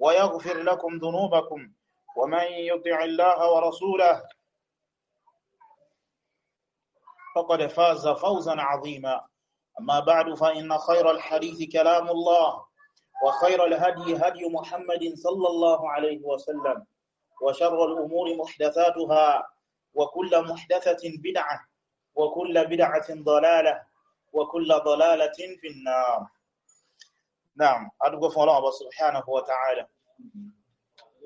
ويغفر لكم ذنوبكم ومن يطع الله ورسوله فقد فاز فوزا عظيما أما بعد فإن خير الحديث كلام الله وخير الهدي هدي محمد صلى الله عليه وسلم وشر الأمور محدثاتها وكل محدثة بدعة وكل بدعة ضلالة وكل ضلالة في النار Naam, adúgbò fún Ọlọ́run Ọba subhanahu wa ta'ala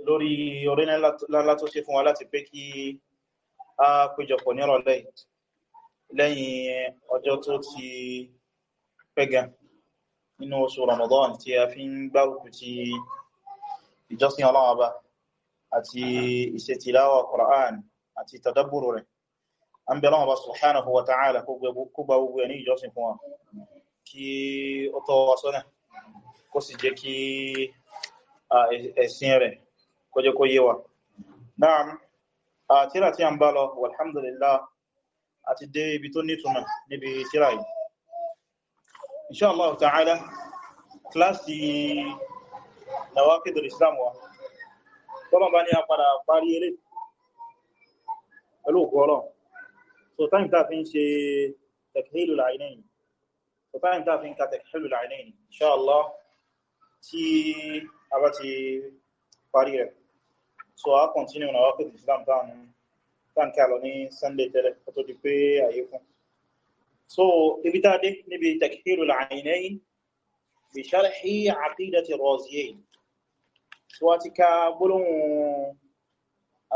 lórí orí ńlá tó ṣe fún wa láti pé kí a péjọpọ̀ nírọ̀lẹ́ lẹ́yìn ọjọ́ tó ti pẹ́gà nínú oṣù Ramadan tí a fi ń gbárùkù ti ìjọsìn Ọlọ́run Ọba àti ìṣètìláwà Qur'an àti tàdábùrù rẹ̀ an bẹ̀rẹ̀ Ọlọ́run Ọba subhanahu wa ta'ala kó gba gbogbo ẹni ìjọsìn fún wa kí ó tọ́ wa sọ́nà kó sì jẹ́ kí ẹ̀sìn rẹ̀ kó jẹ́ kó yé wa naam tírà tí a ń bá lọ walhamdulillah a ti dé ibi tó nítumọ̀ níbi tírà yìí inṣáàlá ta'ala kíláàsì nawaqidul islam wa tọ́lọ̀ bá ní a padà parí eré pẹ̀lú òkú ọlọ́ so time ta fi ń takhilul aynayn so time ta fi ka takhilul aynayn inṣáàlá tí a bá ti parí rẹ̀ so a continue na wákò islam tán kí a lọ ní sunday tẹ́lẹ̀ kó tó di pé àyè fún so ibi tá a dé níbi takfirul aynayn bi sharhi aqidati raziyayn so a ti ka gbólóhùn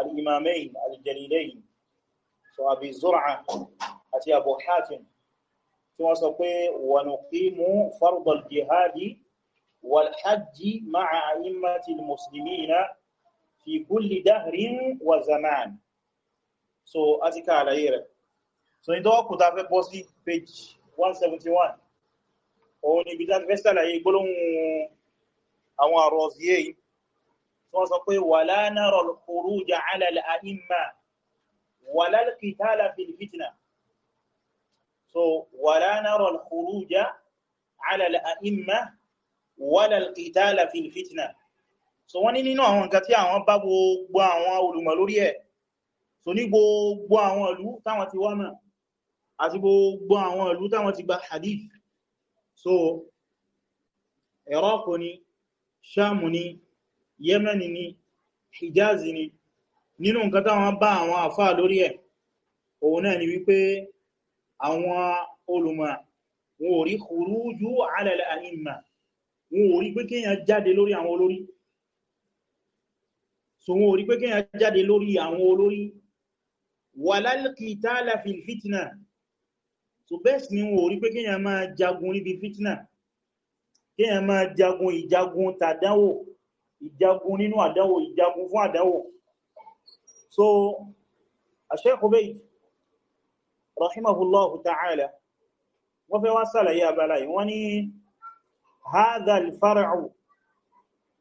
al-imamayn al-jalilayn so abi zur'a àti abu hatim tí wọ́n sọ pé wa nuqimu fardal jihadi والحج مع أئمة المسلمين في كل دهر وزمان so àti ká àlàyé rẹ̀ so ní tọ́wọ́ kùtà fẹ́ bọ́ page 171 òun ni bíjá fẹ́ sàlàyé gbólóhùn àwọn àrọ̀sí èyí tí wọ́n sọ pé ولا نرى الخروج على الأئمة ولا القتال في الفتنة so ولا نرى الخروج على الأئمة wala al-qitala fil fitna so wọ́n ní nínú àwọn nǹkan tí àwọn bá gbogbo àwọn olùmọ̀ lórí ẹ̀ so ní gbogbo àwọn ìlú táwọn ti wá náà àti gbogbo àwọn ìlú táwọn ti gba hadith so Iraq ni Sham ni Yemen ni Hijaz ni nínú nǹkan táwọn bá àwọn àfá lórí ẹ̀ òun náà ni wípé àwọn olùmọ̀ wọn rí khuruju ala al wọn ò rí pé kéèyàn jáde lórí àwọn olórí so wọn ò rí pé kéèyàn jáde lórí àwọn olórí walal qitala fil fitna so bẹ́ẹ̀ sì ni wọn ò rí pé kéèyàn máa jagun níbi fitna kéèyàn máa jagun ìjagun tàdánwò ìjagun nínú àdánwò ìjagun fún àdánwò so Sheikh Ubayd rahimahullahu ta'ala wọ́n fẹ́ wá sàlàyé abala yìí wọ́n ní hadha al-far'u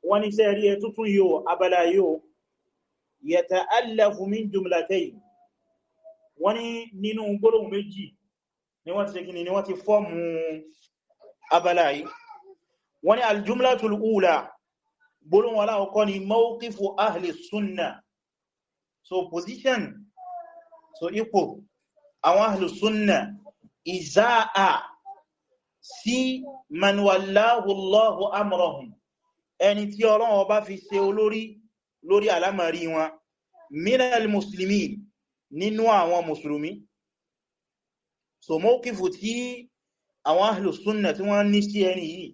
wọ́n ní sẹ́rí ẹ tuntun yóò abala yóò yata'allafu min jumlatayn wọ́n ní nínú gbólóhùn méjì ni wọ́n ti ṣe gini ni wọ́n ti fọ́ọ̀mù abala yìí wọ́n ní al-jumlatul ula gbólóhùn aláwọ̀kọ́ ni mawqifu ahli sunna so position so ipò àwọn ahli sunna ìzáà sí man wallahu Allahu amrahum ẹni tí Ọlọ́run ọba fi ṣe olórí lórí àlámọ̀rí wọn minal muslimin nínú àwọn mùsùlùmí so mọ́kífù tí àwọn ahlus sunna tí wọ́n ní sí ẹni yìí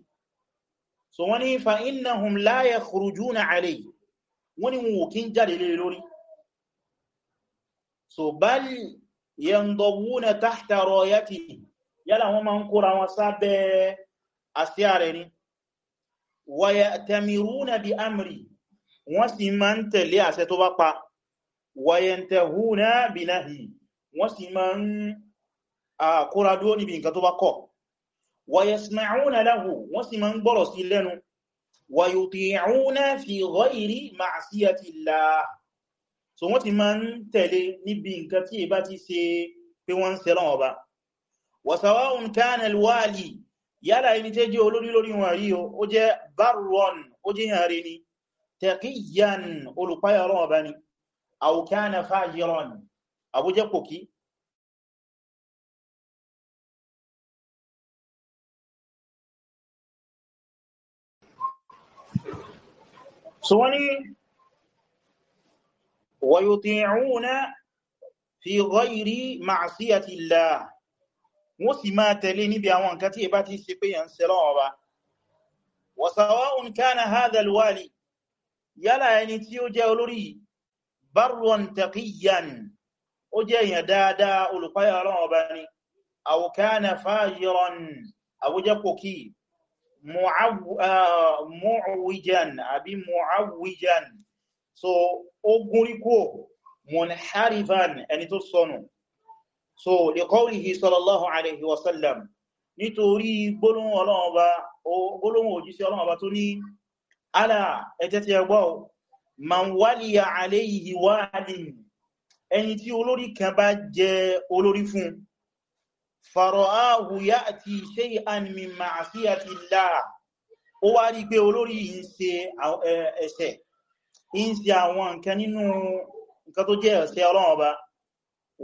so wọ́n ní fa innahum la yakhrujuna alayhi wọ́n ní wọn kí ń jáde lé lórí so bal yandawuna tahta rayatihi yálà wọ́n máa ń kóra wọn sábẹ́ àsíá rẹ̀ ni wa ya'tamiruna bi amri wọ́n sì máa ń tẹ̀lé àṣẹ tó bá pa wa yantahuna bi nahi wọ́n sì máa ń kóra dúró níbi nǹkan tó bá kọ̀ wa yasma'una lahu wọ́n sì máa ń gbọ́rọ̀ so wọ́n ti máa ń tẹ̀lé níbi nǹkan tí ẹ wàsàwáhùn káàna alwali yálà ẹni tẹ́ jẹ́ olórí lórí wọn rí ó jẹ́ barron ó jẹ́ yàrí ni taqiyyan olùpáyọrọ ọba ni aw kana fajiran àbújẹ́ pòkí so wani wa fi ghayri ma'siyati llah wọ́n sì máa tẹ̀lé níbi àwọn nǹkan tí ìbá ti ṣe pé yàn ṣe lọ́wọ́ ọba wa sawa'un kana hadha al-wali yálà ẹni tí ó jẹ́ olórí barron taqiyyan ó jẹ́ èèyàn dáadáa olùpáyà ọlọ́wọ́ ni ah, so ó gúnrí kó munharifan so liqawlihi sallallahu alayhi wa sallam nítorí gbólóhùn ọlọ́run ọba gbólóhùn òjíṣẹ́ ọlọ́run ọba tó ní ala ẹjẹ́ ti ẹgbọ́ man waliya alayhi walin ẹni tí olórí kan bá jẹ olórí fún fara'ahu ya'ti shay'an min ma'siyati llah ó wá rí pé olórí ń àwọn nǹkan nínú nǹkan tó jẹ́ ẹ̀ṣẹ̀ ọlọ́run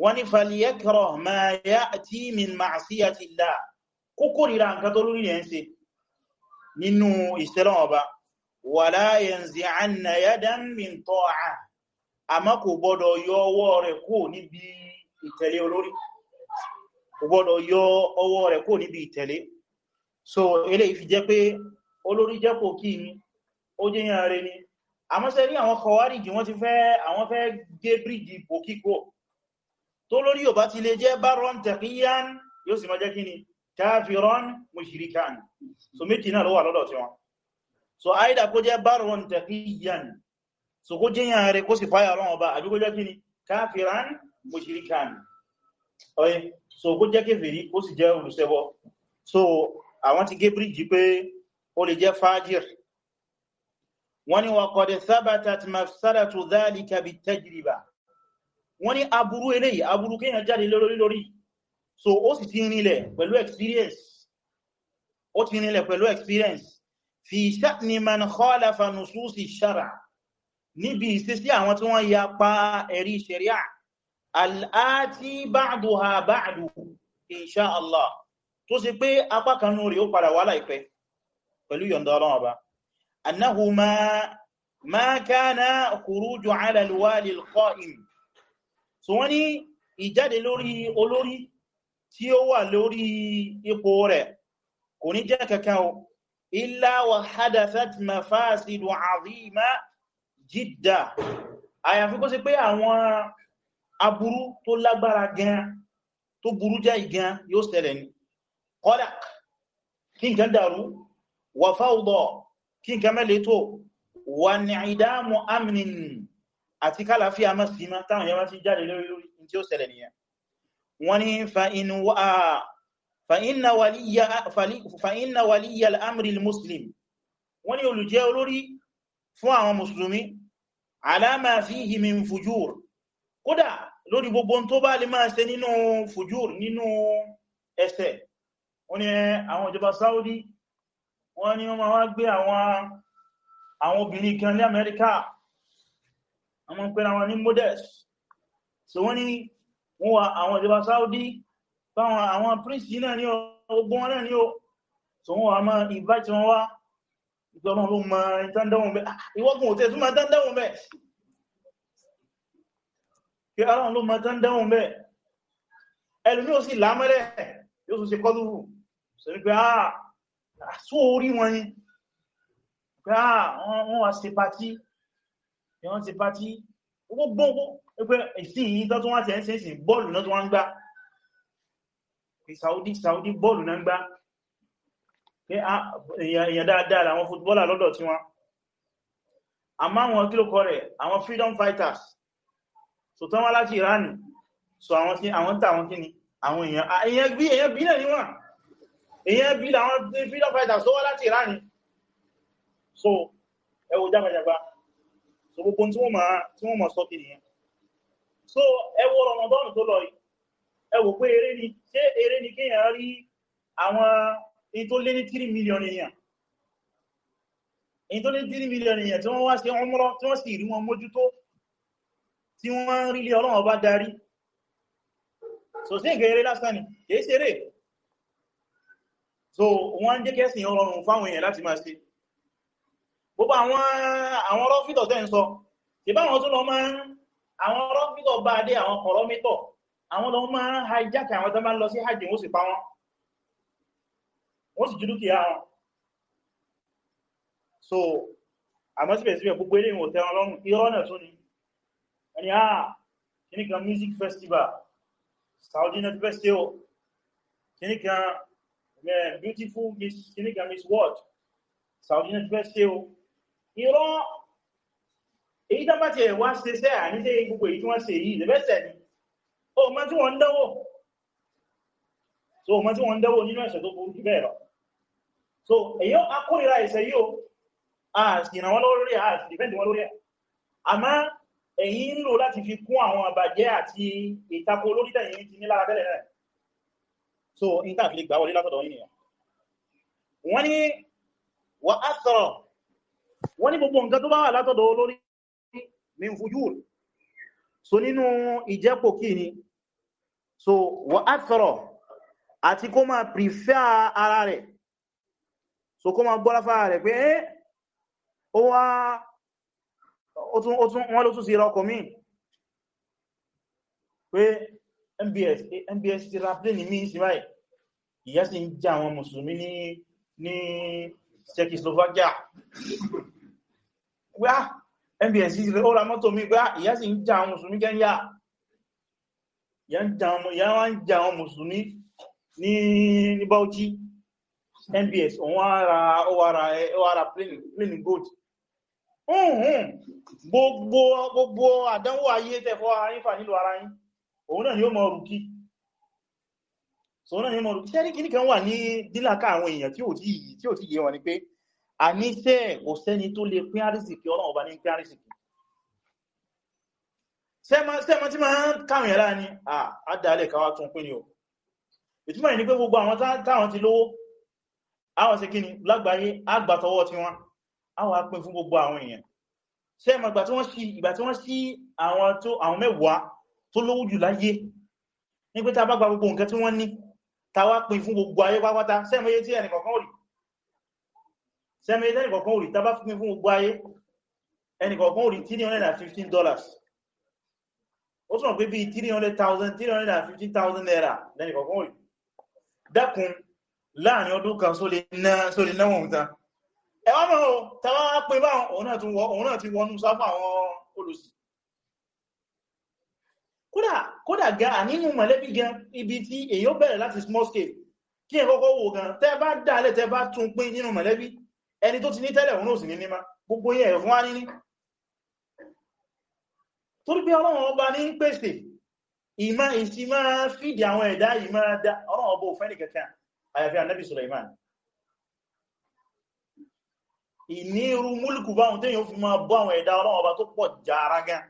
wọ́n ní fàlìyàkọ̀rọ̀ ma yá àti min ma'asíyàtì lá kókó ríra nǹkan tó lórí rẹ̀ ń ṣe nínú ìṣẹ́lẹ̀ ọba wà láyẹn zì ànà yádán min tọ́à àmá kò gbọ́dọ̀ yọ ọwọ́ rẹ̀ kó níbi ìtẹ̀lé olórí kò gbọ́dọ̀ yọ ọwọ́ rẹ̀ kó níbi ìtẹ̀lé so eléyìí fi jẹ́ pé olórí jẹ́ kò kí ni ó jẹ́ yàn rẹ̀ ni àmọ́sẹ́ rí àwọn kọwárìjì wọ́n ti fẹ́ àwọn fẹ́ gé bíríjì pòkíkò tó lórí ò bá ti lè jẹ́ barran taqiyan yóò sì máa jẹ́ kí ni kafiran mushrikan so méjì náà ló wà lọ́dọ̀ tí wọn so aida kó jẹ́ barran taqiyan so kó jẹ́ yàn rẹ̀ kó sì fáyà ọlọ́run ọba àbí kó jẹ́ kí ni kafiran mushrikan oye so kó jẹ́ kéfèrí kó sì jẹ́ olùṣẹbọ so àwọn ti gé bíríjì pé ó lè jẹ́ fájìr wọ́n ni waqad thabatat mafsadatu dhalika bitajriba wọ́n ní aburú eléyìí aburú kéèyàn jáde lórí lórí so ó sì ti rinlẹ̀ pẹ̀lú experience ó ti rinlẹ̀ pẹ̀lú experience fi sha'ni man khalafa nususi shara' níbi ìsísí àwọn tí wọ́n ya pa ẹ̀rí sharia al'ati ba'duha ba'du insha Allah tó sì pé apá kan nù rí ó padà wá láìpẹ́ pẹ̀lú yọ̀ndọ̀ ọlọ́run ọba ma kana khuruju ala alwali alqa'im so wọ́n ní ìjáde lórí olórí tí ó wà lórí ipò rẹ̀ kò ní jẹ́ kankan o illa wa hadathat mafasidu azima jidda àyàfi kó sí pé àwọn aburú tó lágbára gan tó burú jáì gan yóò ṣẹlẹ̀ ni kọ́lák kí nǹkan dàrú wà fáwọ́dọ̀ kí nǹkan mẹ́lẹ̀ tó wà ní ìdámù amnin àti kálàáfíà mọ́ sí máa táwọn yẹmọ́ sí jáde lórí lórí tí ó ṣẹlẹ̀ nìyẹn wọ́n ní fa'inna waliya al'amri muslim wọ́n ní olùjẹ́ olórí fún àwọn musulmi alama fihi min fujur kódà lórí gbogbo tó bá lè máa ṣe nínú fujur nínú ẹ̀ṣẹ̀ wọ́n ní àwọn ìjọba Saudi wọ́n ní wọ́n máa wá gbé àwọn obìnrin kan ní Amẹ́ríkà ọmọ ń pẹ́ra wọn ní modest so wọ́n ni wọ́n wà àwọn ìjọba Saudi fáwọn àwọn prince náà ní ogun náà ní o so wọ́n wà máa invite wọn wá ìjọba ló ma ìtàndáwọn bẹ́ ah, ìwọ́gùn òtẹ́ tó ma tàndáwọn bẹ́ kí ara ló ma tàndáwọn bẹ́ ẹlùmí ò sí lámẹ́lẹ̀ yóò tún ṣe kọ́lùrù so ní pé ah, àà só orí wọn ni pé àà ah, wọ́n wá ṣe pàtí wọ́n ti pàtí gbogbo ẹgbẹ́ ìsìn yìí tó tún wá tẹ́ ṣe sí bọ́ọ̀lù náà tó wá ń gbá Saudi Saudi bọ́ọ̀lù náà ń gbá ah, èèyàn dáadáa àwọn fútbọ́là lọ́dọ̀ tí wọ́n a máa wọn kí ló kọ́ rẹ̀ àwọn freedom fighters so tán wá láti Iran so àwọn tí àwọn tà àwọn kíni àwọn èèyàn ah, èèyàn bí èèyàn bí náà níwọ̀n èèyàn bí làwọn freedom fighters tó wá láti Iran so ẹwọ jágbàjàgbà so gbogbo tí wọ́n máa tí wọ́n máa sọ kí nìyẹn so ẹ wo Ramadan tó lọ yìí ẹ wò pé eré ni ṣé eré ni kéèyàn rí àwọn in tó lé ní 3 million èèyàn in tó lé ní 3 million èèyàn tí wọ́n wá ṣe ọmọrọ tí wọ́n sì rí wọn mójútó tí wọ́n ń rí lé Ọlọ́run bá darí so sí ìgẹ̀ eré lásán ni kìí ṣeré so wọ́n ń jẹ́ kẹ́sìn Ọlọ́run fáwọn èèyàn láti máa ṣe gbogbo àwọn àwọn rọ́fítọ̀ tẹ́ ń sọ ìbá wọn tún lọ máa ń àwọn rọ́fítọ̀ bá dé àwọn kọ̀rọ́mítọ̀ àwọn lọ máa ń hijack àwọn tó máa ń lọ sí hajj wọ́n sì pa wọn wọ́n sì jí dúkìá wọn so àmọ́ síbẹ̀síbẹ̀ gbogbo eré ìwò tẹ́ran lọ́rùn ni ẹni a ah, kìníkan music festival Saudi náà ti fẹ́ sí o kìníkan eh, beautiful miss kìníkan miss Saudi náà ti o irọ́ èyí tán bá ti ẹ̀wà ṣe sẹ́ àníṣẹ́ gbogbo èyí tí wọ́n ṣe yìí lẹ́bẹ̀ẹ́sẹ̀ ni o mọ́ tí wọ́n ń dánwò so mọ́ tí wọ́n ń dánwò nínú ẹ̀ṣẹ̀ tó burú jù bẹ́ẹ̀ lọ so èyí akórira ẹ̀ṣẹ̀ yìí o ìrànwọ́ lórí àti dìfẹ́ǹdì wọn lórí ẹ̀ àmá èyí ń lò láti fi kún àwọn àbàjẹ́ àti ìtako lórí tẹ̀yìn ti ní lára tẹ́lẹ̀ náà so in tàbí gbà wọlé látọ̀dọ̀ yìí wọ́n ní wà á wọ́n ní gbogbo nǹkan tó bá wà látọ̀dọ̀ olórí min fujur so nínú ìjẹ́pò kí ni so wà áfẹ́rọ̀ àti kó máa prefer ara rẹ̀ so kó máa gbọ́lá fara rẹ̀ pé eh, ó wá wọ́n mbs mbs ti ra plane mi sí báyìí ìyá sì ń Czechoslovakia gbá mbs ilẹ̀ ó ra mọ́tò mi gbá ìyá sì ń jà àwọn mùsùlùmí Kenya ìyá wá ń jà àwọn mùsùlùmí ní Bauchi mbs òun ara plane gold gbogbo àdánwò ayé tẹ́fọ́ ayífà nílò ara yín òun náà ni ó mọ̀ rùkí sọ́nà yẹn mọ̀rún ṣẹ́rí kìíní kan wà ní dílàkà àwọn èèyàn tí ò tí yìí tí ò tí yé wọn ni pé a ní sẹ́ ọ̀sẹ́ni tó lè pín àrísìkí ọlọ́run ọba ní pín àrísìkí sẹ́mọ tí máa ń káwọn yẹn lára ni àdálẹ̀ káwà tún pín ni o ìtumọ̀ ní pé gbogbo àwọn táwọn ti lówó àwọn sí kíni lágbàáyé àgbàtọwọ́ tí wọ́n àwọn apín fún gbogbo àwọn èèyàn sẹ́mọ ìgbà tí wọ́n sí àwọn mẹ́wàá tó lówó jù láyé ní pé tá bá gba gbogbo nǹkan tí wọ́n ní tàwà pín fún gbogbo ayé pápátá sẹ́mẹ́yé tí ẹnìkọ̀kan ò rí sẹ́mẹ́yé tí ẹnìkọ̀kan ò rí tàbá pín fún gbogbo ayé ẹnìkọ̀kan ò rí 315 dollars ó túnmọ̀ pé bí 300,000 naira lẹ́nìkọ̀kan ò rí dákun láàrin ọdún kan só lè náwọn òmìta ẹwọ́n mọ́ tàbá pín báwọn òun náà ti wọnú sáfà kódà kódà gan nínú mọ̀lẹ́bí gan ibi tí èyàn bẹ̀rẹ̀ láti small scale kí ẹ kọ́kọ́ wo gan tẹ́ bá dálẹ̀ tẹ́ bá tún pín nínú mọ̀lẹ́bí ẹni tó ti ní tẹ́lẹ̀ òun òsì ní níma gbogbo yẹn ẹ̀fún wá níní torí pé ọlọ́run ọba ní pèsè ìmá ìsì máa fìdí àwọn ẹ̀dá ìmá dá ọlọ́run ọba òfẹ́ nìkẹ̀kẹ́ àyàfi ànábì Sulaiman ìnírú múlùkù báwọn tẹ́yìn ó fi máa bọ́ àwọn ẹ̀dá ọlọ́run ọba tó pọ̀ jára gan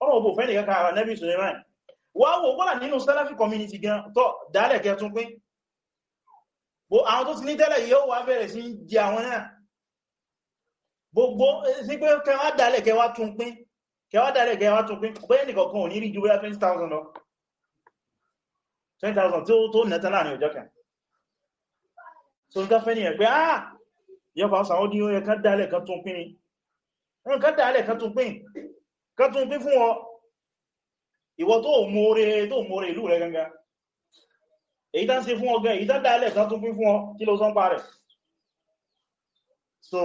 ọlọ́run ọba òfẹ́ nìkẹ̀kẹ́ ànábì Sulaiman wọ́n wò kọ́lá nínú Salafi community gan tọ́ dálẹ̀ kẹ tún pín bó àwọn tó ti ní tẹ́lẹ̀ yóò wá bẹ̀rẹ̀ sí jẹ àwọn náà gbogbo sí pé kẹwàá dálẹ̀ kẹwàá tún pín kẹwàá dálẹ̀ kẹwàá tún pín pé nìkọ̀kan ò ní rí ju bóyá 20,000 lọ 20,000 tí ó tó nẹ́tẹ́ láàrin ọjọ́ kan so n káfẹ́ ni ẹ̀ pé ah yọpa ọsàn ó ní ó yẹ ká dálẹ̀ kan tún pín ìwọ tó mú oore tó mú oore ìlú rẹ gangan èyí tán ṣe fún ọgbẹ́ èyí tán dáálẹ̀ tán tún pín fún ọ kí ló sán pa rẹ̀ so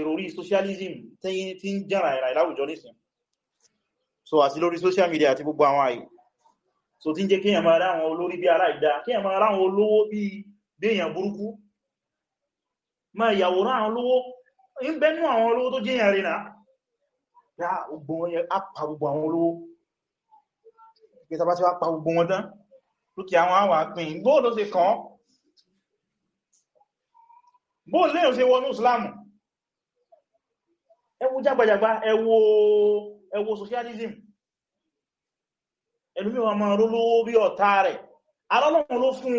ìròrí socialism tí ń jára ìrà ìláwùjọ nísìn so àti lórí social media àti gbogbo àwọn àyè so tí ń jẹ́ kíyàn máa ráwọn olórí bí ara ìdá kíyàn máa ráwọn olówó bí déèyàn burúkú máa yàwòrán àwọn olówó gbogbo wọn yẹn á pa gbogbo àwọn olówó ìtàbá tí wá pa gbogbo wọn tán lókè àwọn àwà pín bóò ló ṣe kàn bóò lẹ́yìn ṣe wọnú Islam ẹ wo jágbàjàgbà ẹ wo ẹ wo socialism ẹlùmí wọn máa rólówó bí ọ̀tá rẹ̀ arọ́lọ́run ló fún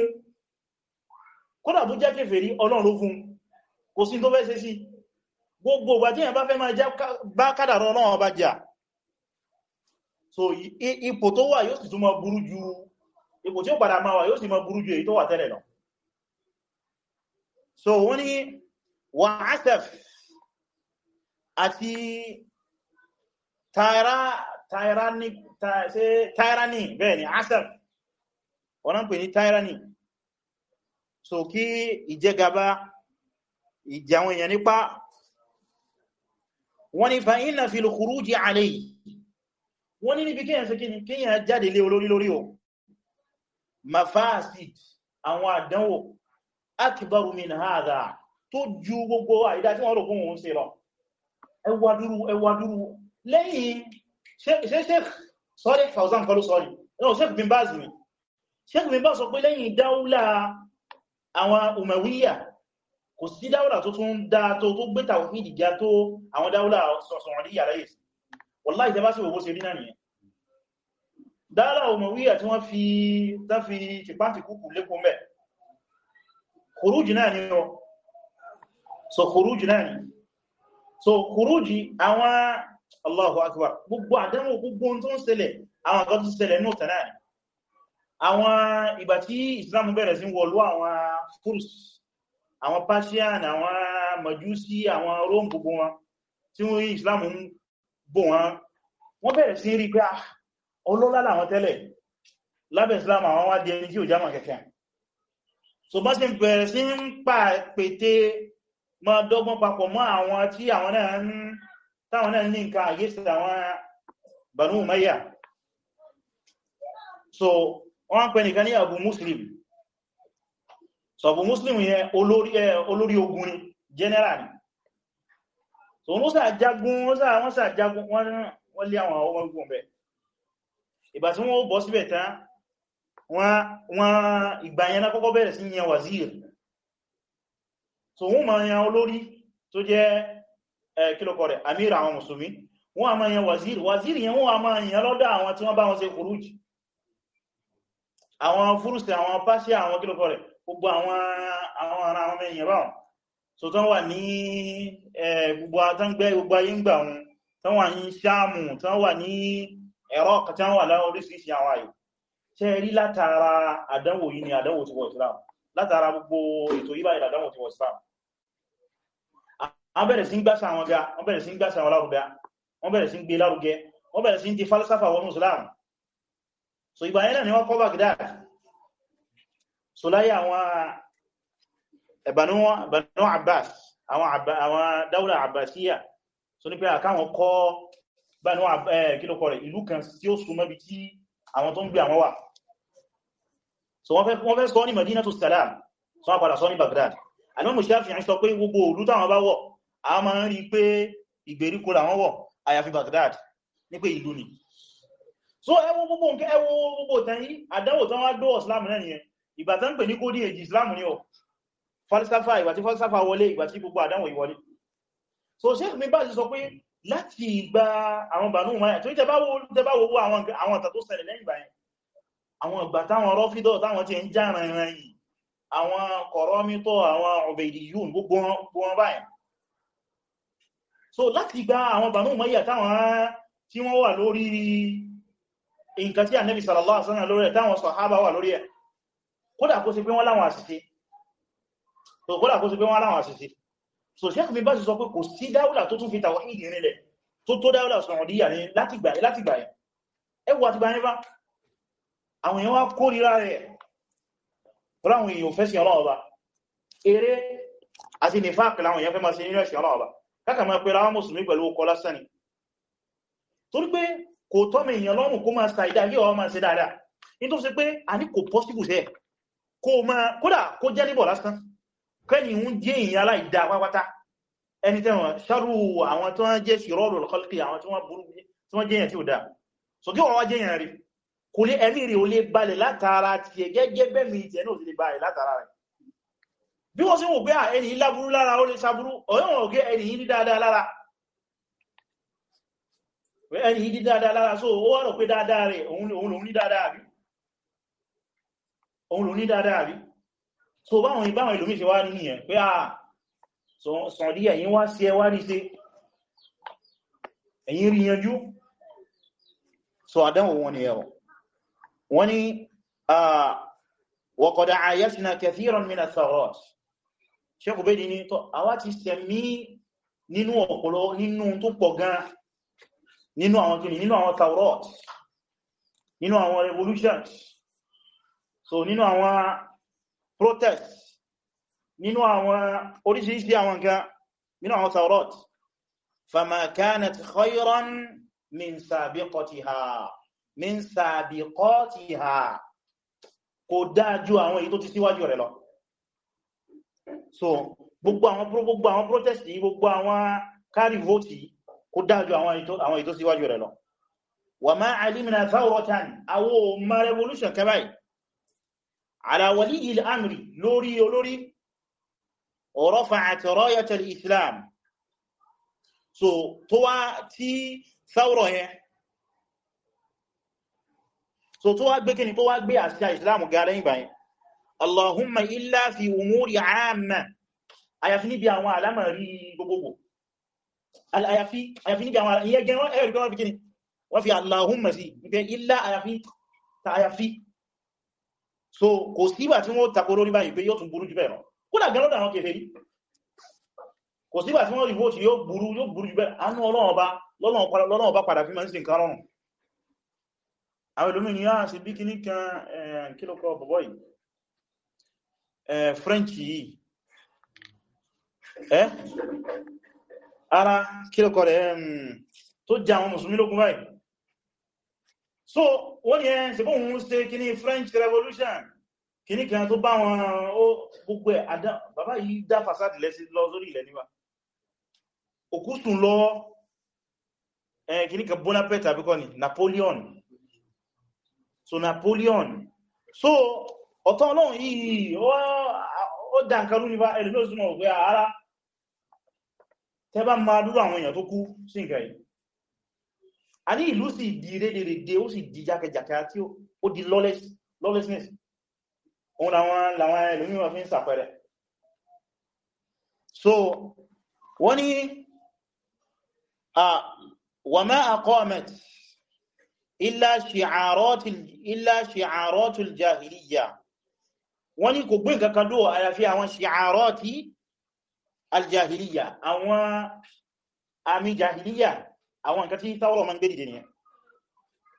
kódà bó jẹ́ kèfèrí Ọlọ́run ló fún kò sí tó fẹ́ ṣe sí gbogbo ìgbà tí èyàn bá fẹ́ máa bá kádàrọ náà bá jà so ipò tó wà yóò sì tún máa burú ju ipò tí ó padà máa wà yóò sì máa burú ju èyí tó wà tẹ́lẹ̀ lọ so wọ́n ni wà asef àti tyranny bẹ́ẹ̀ ni asef wọ́n ń pè ní tyranny so kí ìjẹgaba ìjà àwọn èèyàn nípa wọ́n ni fa inna fil khuruji alayhi wọ́n ní níbi kíyàn síkí kíyàn jáde lé olórí lórí o mafasid àwọn àdánwò akbaru min hadha tó ju gbogbo àìdá tí wọ́n rò kún òun sí lọ ẹwàdúrú ẹwàdúrú lẹ́yìn Sheikh lẹ́yìn kò sí dáwọ́là tó tún dá tó tó gbé tawhid ga tó àwọn dáwọ́là sọ̀sọ̀rọ̀ ní yàrá yìí wallahi ìjẹba sí owó ṣe rí náà nìyẹn dáwọ́là Umawiya tí wọ́n fi tàfi tìpáǹtì kúkù lékún mẹ́ so kòrújì so kòrújì àwọn Allahu akbar gbogbo àdánwò gbogbo tó ń ṣẹlẹ̀ àwọn àkọ́ tó ṣẹlẹ̀ ní òtẹ̀ náà àwọn ìgbà tí àwọn Persian àwọn Májúsì àwọn Rome gbogbo wọn tí wọ́n rí Islam ń bò wọn wọ́n bẹ̀rẹ̀ sí rí pé ah, ọlọ́lá làwọn tẹ́lẹ̀ lábẹ́ Islam àwọn wá di ẹni tí ò jámọ̀ kẹ̀kẹ́ so bá sì bẹ̀rẹ̀ sí ń pa pété ma dọ́gbọ́n papọ̀ mọ́ àwọn tí àwọn náà ń táwọn náà ní nǹkan àgẹ́sì àwọn Banu Umayya so wọ́n pẹ̀ nìkan ní Abu Muslim so Abu Muslim yẹn olórí ogun ni generali, so wọ́n sà jagun wọ́n sà wọ́n sà jagun wọ́n lé àwọn ọmọ ogun bẹ̀ ìgbà tí wọ́n bọ́ síbẹ̀ tán wọ́n ìgbà kọ́kọ́ bẹ̀rẹ̀ sí yẹn wazir so wọ́n ma yan olórí tó jẹ́ kílọ̀kọ̀ rẹ̀ amir àwọn musulmi wọ́n a ma yan wazir wazir yẹn wọ́n a ma yan lọ́dọ̀ àwọn tí wọ́n bá wọn ṣe khuruj àwọn fúrùsì àwọn pàṣẹ àwọn kílọ̀kọ̀ rẹ̀ gbogbo àwọn àwọn ara àwọn èèyàn báwọn so tán wà ní gbogbo àtàngbẹ́ gbogbo ayé ń gbà wọn tán wà ní sáàmù tán wà ní ẹ̀rọ kàtán wà láwọn orísìírísì àwọn àyè ṣe rí látara àdánwò yìí ni àdánwò ti wọ Islam látara gbogbo ètò yìí báyìí àdánwò ti wọ Islam wọ́n bẹ̀rẹ̀ sí ń gbáṣà àwọn ga wọ́n bẹ̀rẹ̀ sí ń gbáṣà àwọn lárugẹ wọ́n bẹ̀rẹ̀ sí so ìgbà yẹn náà ni wọ́n kọ́ so láyé àwọn ẹ̀bànú eh, abbas àwọn dáúlà abbasiyya so ní pé àkáwọn kọ́ bánú eh, kílòkọ rẹ̀ ìlú kan tí ó súnmọ́ bí tí àwọn tó ń gbé àwọn wà so wọ́n fẹ́ sọ ní madinatu salam sọ àpàdà sọ ní baghdad àwọn mùsùlùmí sọ pé gbogbo òlú táwọn bá wọ̀ a máa ń rí pé ìgbèríko làwọn wọ̀ àyàfi baghdad ní pé ìlú ni so ẹwọ gbogbo nǹkan ẹwọ gbogbo tẹ́yìn àdánwò tán wá dó náà nìyẹn ìgbà tán pè ní golden age islam ni o falsafa ìgbà tí falsafa wọlé ìgbà gbogbo àdánwò ìwọlé so sheikh mi bá ti sọ pé láti ìgbà àwọn bànú maya tó ní tẹbá wo àwọn ìtà tó ṣẹlẹ̀ lẹ́yìn báyìí so láti ìgbà àwọn bànú maya táwọn tí wọ́n wà lórí nǹkan tí Ànábì sallallahu alaihi wasallam lórí ẹ̀ táwọn sàhábà wà lórí ẹ̀ kódà kó sí pé wọ́n láwọn àṣìṣe so kódà kó sí pé wọ́n láwọn àṣìṣe so sẹ́kù bí bá sì sọ pé kò sí dáúlà tó tún fi tàwọn ìdí nílẹ̀ tó tó dáúlà sọ̀rọ̀díyà ní látìgbà ẹ̀ ẹwù àtìgbà ní bá àwọn èèyàn wá kórìíra rẹ̀ láwọn èèyàn fẹ́ sí ọlọ́ọ̀bá eré àti nifaq láwọn èèyàn fẹ́ máa ṣe nílẹ̀ sí ọlọ́ọ̀bá káàkà máa pẹ́ra wọn mùsùlùmí pẹ̀lú ọkọ̀ lásán ni torí pé kò tọ́mọ èèyàn lọ́rùn kó máa sa ìdá ilé ọwọ́ máa ṣe pé a ní kò possible there kó ma kódà kó jẹ́ níbọ̀ lásán kẹ́ni ń jẹ́ ìyìn aláìdá pápátá ẹni tẹ́wọ̀n ṣarú àwọn tó wọ́n jẹ́ ṣìrọ́rù lọ́kọ́lùkì àwọn tó wọ́n burú tí wọ́n jẹ́yàn tí ó dá so kí wọ́n wá jẹ́yàn rí kò lé ẹ̀mí rí o lè balẹ̀ látara tiẹ̀ gẹ́gẹ́ bẹ́mi tiẹ̀ so ó wà rọ̀ pé dáadáa rẹ̀ òun lò ní dáadáa rí so báwọn ìbáwọn ìlòmí ṣe wá nìyẹn pé à ah, sọ̀dí ẹ̀yìn wá sí ẹwà rí sí ẹ̀yìn rí yanjú so àdánwò wọn ni ẹ̀rọ wọ́n ni wọ̀kọ̀dá àyẹ́sìnà kathiran min atharat ṣekù bẹ́ ní tọ́ àwa ti sẹ̀mí nínú àwọn revolutions so nínú àwọn protest nínú àwọn oríṣiríṣi àwọn nǹkan nínú àwọn tawrat fama kanat khayran min sabiqatiha min sabiqatiha kò dájú àwọn èyí tó ti síwájú rẹ̀ lọ so gbogbo àwọn gbogbo àwọn protest yìí gbogbo àwọn carry vote yìí kò dájú àwọn èyí tó síwájú rẹ̀ lọ wa ma alimna thawratan awo ma revolution kabai ala waliyil amri lórí olórí rafa'at rayatal islam so tó wá tí sáwọ̀rọ̀ yẹn so tó wá gbé kíni tó wá gbé àṣà islam ga lẹ́yìn báyìí allahumma illa fi umuri amma àyàfi níbi àwọn àlámọ̀rí gbogbogbò àyàfi níbi àwọn ìyẹ́gẹ́ wọ́n ẹ̀rì kan wọ́n fi kíni wọ́n fi allahumma sí ìpẹ́ illa àyàfi ta àyàfi so kò sígbà tí wọ́n tako lórí báyìí pé yóò tún burú jù bẹ́ẹ̀ lọ kódà gan lọ́dọ̀ àwọn kèfèrí kò sígbà tí wọ́n rí vóòtù yóò burú yóò burú jù bẹ́ẹ̀ anú Ọlọ́run ọba padà fi máa ń ṣe nǹkan rọrùn àwọn ìlúmí ni yáà ah, sí bí eh, kí ní kan kílòkọ bọ̀bọ̀ yìí eh, French yìí ẹ́ eh? ara kílòkọ rẹ̀ hmm, tó jẹ àwọn mùsùlùmí lógún báyìí so wọ́n yẹn ṣe bó ń ṣe kíní French Revolution kíní kan tó bá wọn ó gbogbo ẹ̀ bàbá yìí dá fasad lẹ́sí lọ sórí ilẹ̀ níwá òkúsùn lọ kíní kan Bonaparte àbíkọ́ ni Napoleon so Napoleon so ọ̀tọ́ ọlọ́run yìí ó dá nǹkan rú nípa ẹ̀rẹ́ lóṣùmọ̀ òpé àárá tẹ́ bá máa dúró àwọn èèyàn tó kú sí nǹkan yìí a ní ìlú sì di rédèrèdè ó sì di jákẹjàkẹ àti ó di lawlessness òun làwọn ẹlòmíràn fi ń sàpẹrẹ so wọ́n ní wa ma aqamat illa shi'aratul jahiliya wọ́n ní kò gbé kankan dó àyàfi àwọn shi'arati aljahiliya àwọn àmì jahiliya àwọn nǹkan tí táwọ́rọ̀ ma ń gbé dìde nìyẹn eh.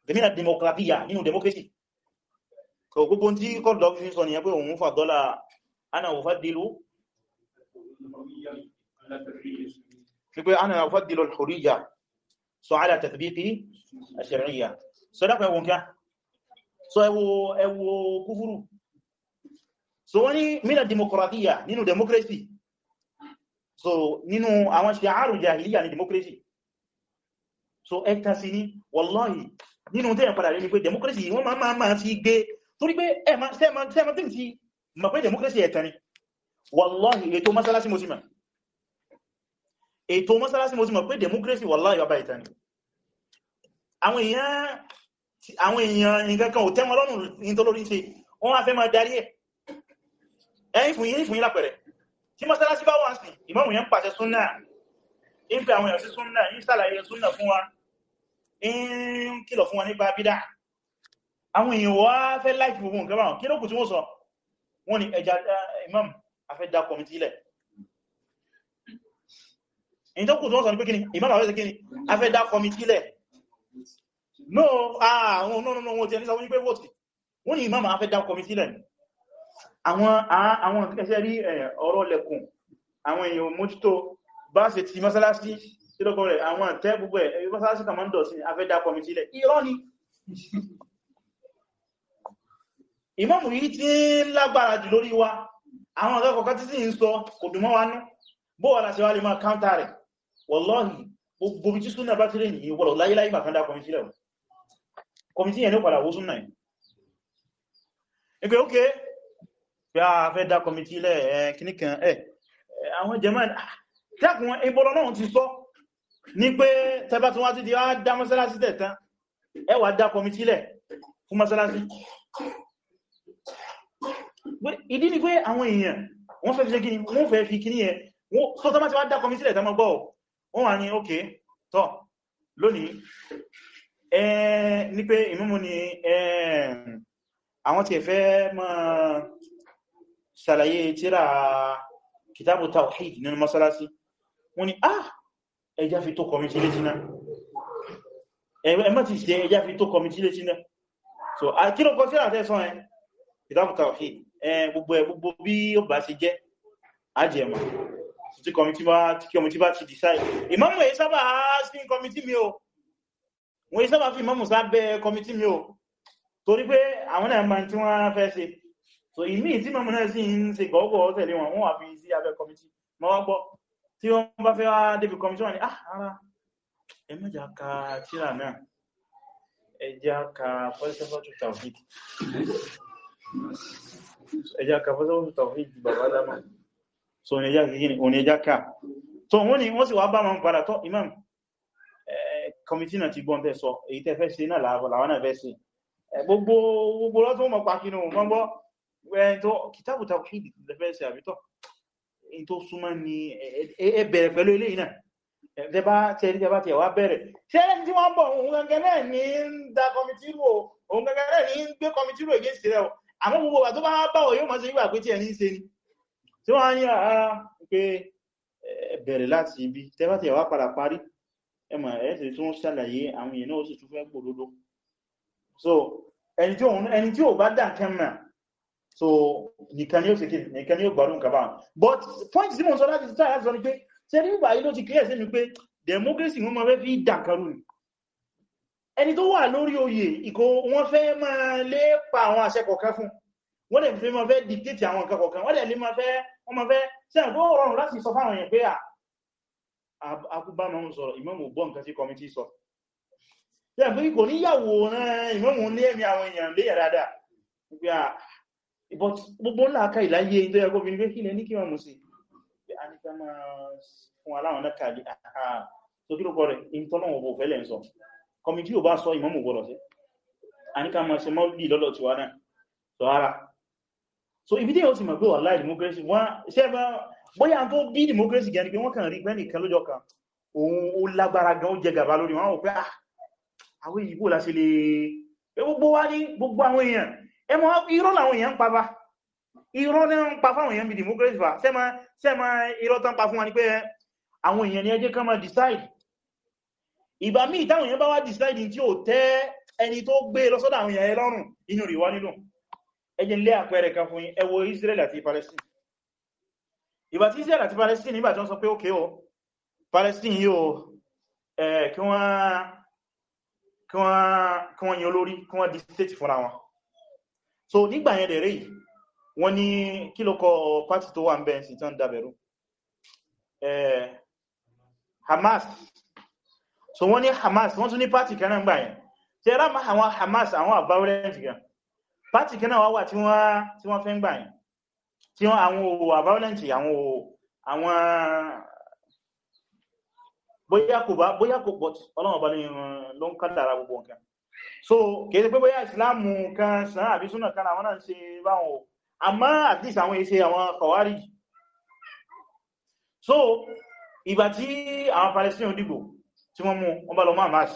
domina demokratiya ah. nínú democracy so gbogbo tí kọ́dọ̀ fi sọ nìyẹn pé òun fà dọ́là ana ufaddilu pípé ana ufaddilu al-hurriya so ala tatbiqi ash-shar'iyya so dápẹ́ ẹwọ nkíá so ẹwọ kúfúrú so wọ́n ni mina demokratiya nínú democracy so nínú àwọn ṣe àrùn jahiliya ni democracy so ẹta sí ní wallahi nínú tẹ́ ẹ̀padà rẹ̀ ni pé democracy wọ́n máa máa fi gbé torí pé ẹ̀mà tí ti mọ̀ pé democracy ẹ̀tàn ni wallahi ètò mọ́sálásí mo sì mọ̀ ètò mọ́sálásí mo sì mọ̀ pé democracy wallahi bàbá ẹ̀tàn ni àwọn èèyàn nǹkan kan ò tẹ́wọn lọ́nà ní tó lórí ṣe wọ́n wá fẹ́ máa darí ẹ̀ ẹ̀yìn fún yín fún yín lápẹẹrẹ tí mọ́sálásí bá wà sí ìmáàmù yẹn pàṣẹ súnnà ń pẹ àwọn èèyàn sí súnnà ń sàlàyé súnnà fún wa ń kìlọ̀ fún wa nípa bídá àwọn èèyàn wá fẹ́ láìkì gbogbo nǹkan báwọn kí ló kù tí wọ́n sọ wọ́n ni ẹja imam afẹ́dá kọmití ilẹ̀ èyí tó kù tí wọ́n sọ ní pé kí ni imam afẹ́dá kọmití ilẹ̀ no àwọn onónà wọn ti ẹni sọ wípé vote wọ́n ni imam afẹ́dá kọmití ilẹ̀ àwọn àwọn ẹsẹ́ rí ọ̀rọ̀ lẹ́kùn àwọn èèyàn mójútó bá ṣe ti mọ́sálásí sílọ́kọ́ rẹ̀ àwọn àtẹ́ gbogbo ẹ̀ mọ́sálásí kàmọ́ndọ̀ sí afẹ́dá kọmití ilẹ̀ irọ́ ni ìmáàmù yìí ti ń lágbára jù lórí wa àwọn akẹ́kọ̀ọ́kọ́ títí ń sọ kò dùnmọ́ wa ní bó wà láti wá lè máa káńtà rẹ̀ wọ́lọ́hì gbogbo bí tí súnà bá tírẹ̀ yìí wọ́lọ̀ láyéláyé màkàndá kọmití ilẹ̀ kọmití yẹn ní padà wó súnà yìí ẹgbẹ́ ókè bí a fẹ́ dá kọmití ilẹ̀ kìnnìkan ẹ̀ àwọn jẹ́mọ́ dákùn ìbọ̀lọ̀ náà ti sọ ní pé tẹba tí wọ́n ti di dá mọ́sálásí tẹ̀tán ẹ wá dá kọmitílẹ̀ fún mọ́sálásí ìdí ni pé àwọn èèyàn wọ́n fẹ́ fi kíní wọ́n fẹ́ fi kíní ẹ tó tọ́ bá ti wá dá kọmitílẹ̀ tán mọ́ tawhid nínú mọ́sálásí wọ́n ni ah ẹjá fi tó kọmití létí náà ẹmá ti ṣe ẹjá fi tó kọmití létí náà so a kí ló kọ sí àtẹ́ sán ẹ ìdábùta òhì gbogbo ẹ gbogbo bí ó bá ṣe jẹ́ ajẹ́mà tí kọmití bá ti decide ìmámù èyí sábà sí kọmití mi o wọ́n èyí sábà fi ìmámù sábẹ́ kọmití mi so ìmí tí mọ́mù náà sì ń ṣe gọ́gọ́ tẹ̀lé wọn wọ́n wà fi sí abẹ́ kọmití ma wá gbọ́ tí wọ́n bá fẹ́ wá débi kọmíṣọ́nì ah ara ẹ má jà ká tíra náà ẹ jà ká fọ́sẹ́fọ́tù tawhid ẹ jà ká fọ́sẹ́fọ́tù tawhid bàbá dámà so ní ẹjá kìí ní ẹjá ká so wọ́n ni wọ́n sì wá bá wọn padà tọ́ imam kọmití náà ti gbọ́n tẹ́ sọ èyí tẹ́ fẹ́ ṣe náà làwọn náà fẹ́ ṣe gbogbo gbogbo lọ́tún mọ̀ pàkínú mọ́ gbọ́ kìtàbù tawhid lẹ́fẹ́ ṣe àbítọ́ in tó súnmọ́ ni ẹ bẹ̀rẹ̀ pẹ̀lú ilé iná ẹ̀dẹ́bá tẹ́rí tẹ́bá tẹ́ wá bẹ̀rẹ̀ ṣẹ́rẹ́ tí wọ́n bọ̀ òun gẹ́gẹ́ náà ní ń da kọmitírò òun gẹ́gẹ́ náà ní ń gbé kọmitírò against rẹ̀ àmọ́ gbogbo wà tó bá báwọ̀ yóò mọ́ sí wíwà pé tí ẹni ń ṣe ni tí wọ́n ní àárá ah, ah, pé bẹ̀rẹ̀ láti ibi tẹ́bá tẹ́ wá padà parí ẹmọ̀ ẹ̀ẹ́sì tún ṣàlàyé àwọn èèyàn náà ó sì tún fẹ́ gbòdodo so ẹni tí ò bá dà kẹ́mà so nìkan ni ó sèké nìkan ni ó gbàrún but point simon sọ láti sáà sọ ni pé ṣe ní ìgbà yìí ló ti clear sí ni pé democracy wọ́n máa fẹ́ fi dàkarú ni ẹni tó wà lórí oyè ìkó wọ́n fẹ́ máa lépa àwọn àṣẹ kọ̀ọ̀kan fún wọ́n lè fi máa fẹ́ dictate àwọn nǹkan kọ̀ọ̀kan wọ́n lè lè máa fẹ́ wọ́n máa fẹ́ sẹ́yìn tó rọrùn láti sọ fáwọn èèyàn pé à akúbá máa ń sọ̀rọ̀ ìmáàmù gbọ́ nǹkan sí committee sọ sẹ́yìn pé kò níyàwó náà ìmáàmù ní ẹ̀mí àwọn èèyàn but gbogbo ńlá aka ìláyé tó yẹ gómìnà pé kílẹ̀ ní kí wọ́n mú sí pé a ní ká máa fún aláwọn náà kàrí àà tó kí ló kọ́ rẹ̀ ìtọ́lọ́wọ̀n bò fẹ́lẹ̀ ń sọ kọmití ò bá sọ ìmọ́mù gbọ́dọ̀ sí a ní ká máa ṣe mọ́lì lọ́lọ́ tí wá náà sọ ara so ibi tí yóò ti mọ̀ pé wà láì democracy wọ́n ni pé wọ́n kàn rí pẹ́ nìkan lójọ kan òun ó ẹmọ irọ́ làwọn èèyàn ń pa bá irọ́ ní ń pa fáwọn èèyàn bí democracy se ma irọ́ tán pa fún wa ní pé àwọn èèyàn ni ẹjẹ́ kan máa decide ìgbà míì táwọn èèyàn bá wá decide tí ó tẹ́ ẹni tó gbé e lọ́sọ́dọ̀ àwọn èèyàn lọ́rùn inú rí wá nínú ẹjẹ́ lé àpẹẹrẹ kan fún ẹ wo Israel àti Palestine ìgbà Israel àti Palestine nígbà tí wọ́n Palestine yìí o kí wọ́n yan olórí kí wọ́n di state fúnra wọn so nígbà yẹn dẹ̀rẹ́ yìí wọ́n ní kí ló kọ pàtí tó wà ń bẹ́ sí tán dábẹ̀rú Hamas so wọ́n ní Hamas wọ́n tún ní pàtí kan náà gbà yẹn tí ẹ ráma àwọn Hamas àwọn àbáwẹ́lẹ́ntì gan pàtí kan náà wà wà tí wọ́n fẹ́ ń gbà yẹn tí wọ́n àwọn òwò àbáwẹ́lẹ́ntì àwọn àwọn bóyá kò bá bóyá kò pọ̀ ọlọ́wọ̀n bá ló ń kádàrà gbogbo nǹkan so kèèdè pé bóyá ìsìláàmù kan sàn àbí súnà kan àwọn náà ń ṣe báwọn o a at least àwọn èsè àwọn kọ̀wárí so ìgbà tí àwọn Palestine dìbò tí wọ́n mú wọ́n bá lọ máa máa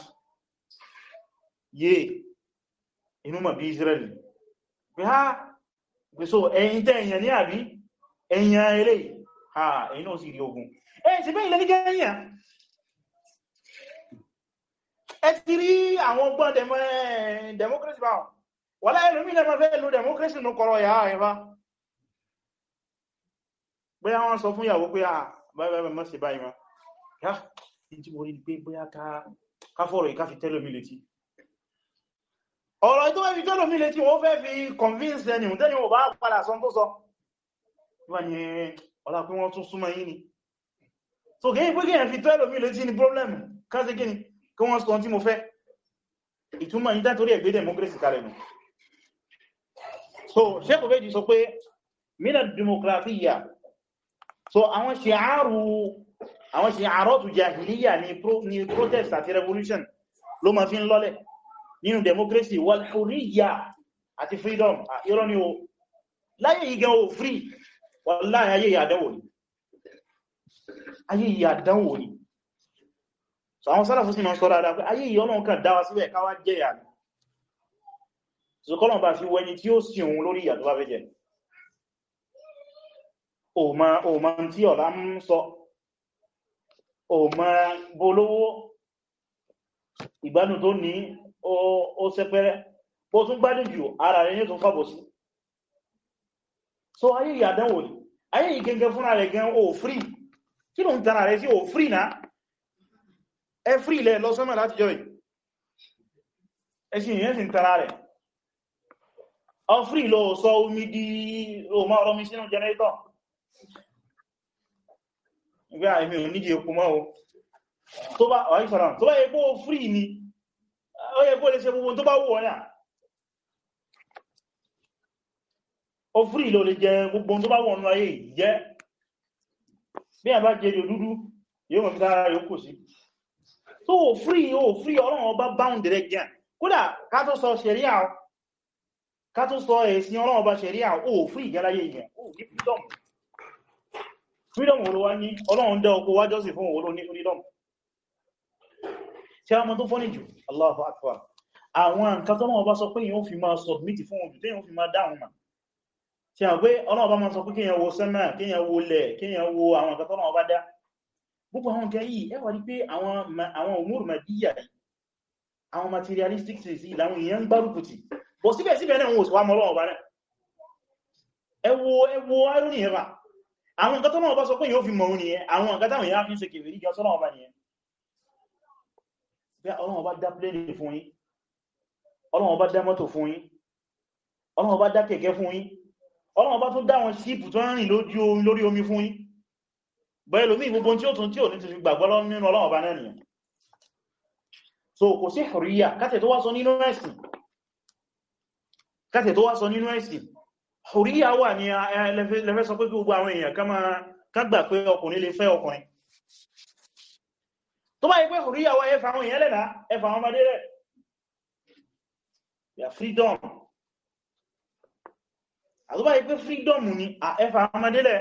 yé inú mọ̀ bí Israel pé ha pé so ẹ̀yin tẹ́ èyàn ní àbí èyàn eré ha èyí náà sì rí ogun ẹ̀ sì bẹ́ẹ̀ ilẹ̀ ẹ ti rí àwọn gbọ́n eh, democracy báwọn wọ́n láyé lómi lẹ́mọ́ fẹ́ lo democracy nù kọrọ ìyá ẹ̀fà bóyá wọ́n sọ fún ìyàwó pé à báyìí mọ́ sí báyìí mọ́ yá tí mo rí pé bóyá ká fọ́rọ̀ ìká fi tẹ́lómi létí ọ̀rọ̀ ìtọ́ fi tẹ́lómi létí wọ́n fẹ́ fi convince ẹni tẹ́ni wọ́n bá padà sọ tó sọ wọ́n ni ọlá pé wọ́n tún súnmọ́ yìí ni so kìí pé kìí fi tẹ́lómi létí ni problem kásí kìí kí wọ́n sọ tí mo fẹ́ ìtumọ̀ yí dátorí ẹ̀gbé democracy kalẹ̀ nù so sẹ́kù méjì sọ pé mina demokratiya so àwọn ṣìárù àwọn ṣìárọ̀tù jahiliya ni protest àti revolution ló ma fi ń lọ́lẹ̀ nínú democracy wal hurriya àti freedom irọ́ ni o láyé ìgẹ́ o free wọ́n láyé ayé ìyàdánwò ni so àwọn sálàfù sí ma sọ dáadáa pé ayé yìí Ọlọ́run kan dá wa síbẹ̀ káwà jẹ́ ìyà ni so kọ́lọ̀ bá fi wẹni tí ó sì òun lórí ìyà tó bá fẹ́ o ma tí ọ̀lá ń sọ o ma bolówó ìgbádùn tó ní ó sẹ́pẹ́rẹ́ bó tún gbádùn jù ara rẹ̀ yóò tún fàbọ̀ sí so ayé ìyà dánwò ni ayé ìgẹ́gẹ́ fúnra rẹ̀ gan o free kí ló ń tara rẹ̀ sí o free náà every ilẹ̀ lọ sánmà láti jọ ẹ̀ṣìn ìyẹn sì ń tara rẹ̀ ọfrí lọ sọ omi di ọmọ ọmọ sínú jẹnẹ́tọ̀ ìgbé àìmì ò nídi epo mọ́ o tó bá ọ̀ìsọ̀rọ̀ tó bá epo frí ni ó yẹ kó lè ṣe gbogbo tó bá wù ọ́nà ó frí lọ lè jẹ gbogbo tó bá wù ọ́nà ayé ìjẹ́ bí àbá jẹ́ dúdú yóò mọ̀ fi tára yóò so o free o oh, free ọlọ́run ọba bound rẹ̀ jẹ́ kódà katọsọ tó sọ ṣẹ̀ríà sọ ẹ̀sìn ọlọ́run ọba ṣẹ̀ríà o oh, free ìjáláyé ìyẹn o oh, ní freedom freedom wá ní ọlọ́run wájọ́ sí fún olóní freedom tí àwọn ọba sọ pé kíyàn wo kíyàn wo lẹ̀ kíyàn wo àwọn ọba dá gbogbo àwọn nǹkan yìí ẹ wá rí pé àwọn umur madiya àwọn materialistic things yìí láwọn èèyàn ń gbárùkù tì bọ̀ síbẹ̀síbẹ̀ náà wọn ò sì wá mọ́rọ̀ ọ̀bá náà ẹ wò ẹ wò irony ẹ̀fà àwọn nǹkan tó náà bá sọ pé yóò fi mọ̀ òun nìyẹn àwọn nǹkan táwọn èèyàn fi ń ṣe kèfèrí ríjọ sọ́nà ọba nìyẹn bí ọlọ́run bá dá plénì fún yín ọlọ́run bá dá mọ́tò fún yín ọlọ́run bá dá kẹ̀kẹ́ fún yín ọlọ́run bá tún dá wọn síìpù tó ń rìn lójú bẹ́ẹ̀ lómi gbogbo tí ó tún tí ò ní ti fi gbàgbọ́ lọ nínú Ọlọ́run ọba náà so kò sí hurriya kátẹ̀ tó wá sọ nínú ẹ̀sìn kátẹ̀ tó wá sọ nínú ẹ̀sìn hurriya wà ní lẹ́fẹ́ sọ pé gbogbo àwọn èèyàn ká gbà pé ọkùnrin lè fẹ́ ọkùnrin tó bá yí pé hurriya ẹfà àwọn èèyàn lẹ́nà ẹfà àwọn ọmọdé rẹ̀ ya freedom àtúbà yí freedom ni ẹfà àwọn ọmọdé rẹ̀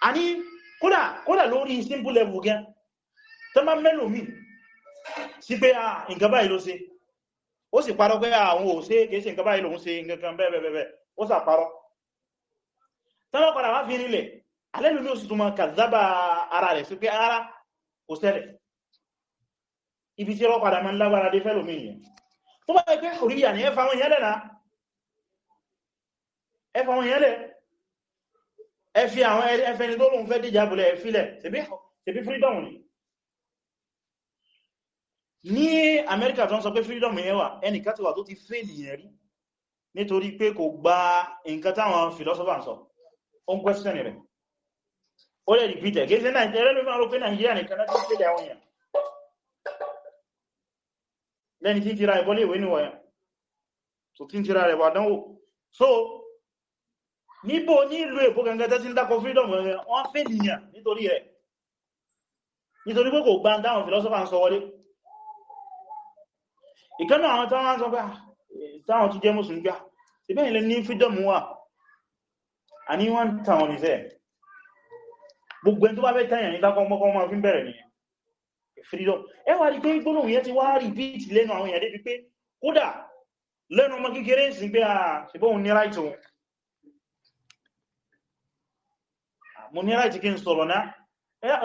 a ní kódà kódà lórí simple level gẹn tó má mẹ́lò mí sí pé à ah, nǹkan báyìí ló ṣe ó sì parọ́ pé àwọn ah, ò ṣe kéèṣe nǹkan báyìí lòun ṣe nǹkan bẹ́ẹ̀bẹ̀ẹ̀bẹ̀ ó sà parọ́ tó má padà wá fi rinlẹ̀ alẹ́lú ní oṣù tó máa kàzábà ara rẹ̀ sí pé ara kò ṣẹlẹ̀ ibi tí wọ́n padà máa ń lágbára dé fẹ́lòmí yẹn ẹfẹ́ àwọn ẹfẹ́ni tó lóun fẹ́ dìjàbùlẹ̀ ẹ̀fílẹ̀ tẹbí freedom ni ní Amẹ́ríkà tó ń sọ pé freedom yẹn wà ẹnìkan ti wà tó ti fèèlì yẹn rí nítorí pé kò gba nǹkan táwọn philosopher sọ ó ń question rẹ̀ ó lè repeat ẹ̀ kéèsẹ́ Nàìjíríà nìkan láti fèèlì àwọn èèyàn lẹ́ni tí ń tira ìbọ́lé ìwé níwọ̀nyà tó tí ń tira níbo ní ìlú èkó gangan tí ń dákọ freedom gangan wọ́n fẹ́ nìyàn nítorí ẹ̀ nítorí pé kò gbá dáwọn philosopher ń sọ wọlé ìkánà àwọn táwọn sọ pé ah, táwọn tó jẹ́ mùsùn gbá ìbẹ́ ilẹ̀ ní freedom wà a ní wọ́n tàwọn nìsẹ́ gbogbo ẹni tó bá fẹ́ tẹ́yàn ní dákọ mọ́kọ́ máa fi bẹ̀rẹ̀ ní freedom ẹ wà rí pé gbólóhùn yẹn ti wá repeat lẹ́nu àwọn èèyàn débi pé kódà lẹ́nu ọmọ kékeré sí pé a ah, ṣe bóhun ní right mo ní ráìtì kí n sọ̀rọ̀ náà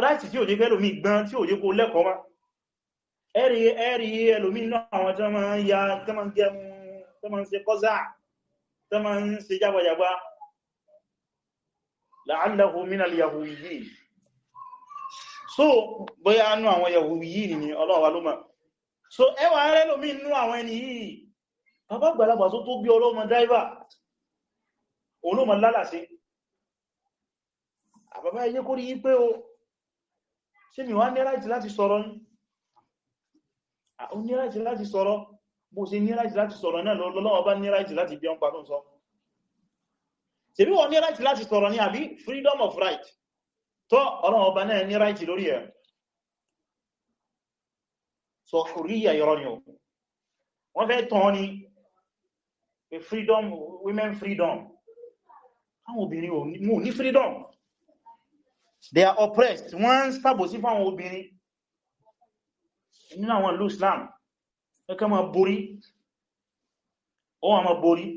ráìtì tí ò ní pẹ́lòmí gbọ́n tí ò yẹ kó lẹ́kọ̀ọ́ wá ẹ̀rí ẹ̀rí ẹlòmí náà àwọn tó máa ń ya tó máa ń gẹrun tó máa ń ṣe so bóyá nú àwọn yahudiyyin ni so ẹwà rẹ̀ lómí nú àwọn ẹni yìí bàbá gbàlagbà tó tó bí ọlọ́mọ dáìbà òun ló bàbá ẹyẹ kó rí pé o ṣe mi wá ní ráìtì láti sọ̀rọ̀ ní o ní ráìtì láti sọ̀rọ̀ bó ṣe ní ráìtì láti sọ̀rọ̀ náà lọ́lọ́wọ́ bá ní ráìtì láti bí ọmpa tó ń sọ ṣebí wọ́n ní ráìtì láti sọ̀rọ̀ ní àbí freedom of right tó ọlọ́wọ́ bá náà ní ráìtì lórí ẹ̀ sọ hurriya yọrọ ni o wọ́n fẹ́ tán ni freedom women freedom àwọn obìnrin ò ní freedom they are oppressed wọ́n ń sàbòsí fáwọn obìnrin nínú àwọn ìlú Islam ẹkẹ́ ma borí ó wà ma borí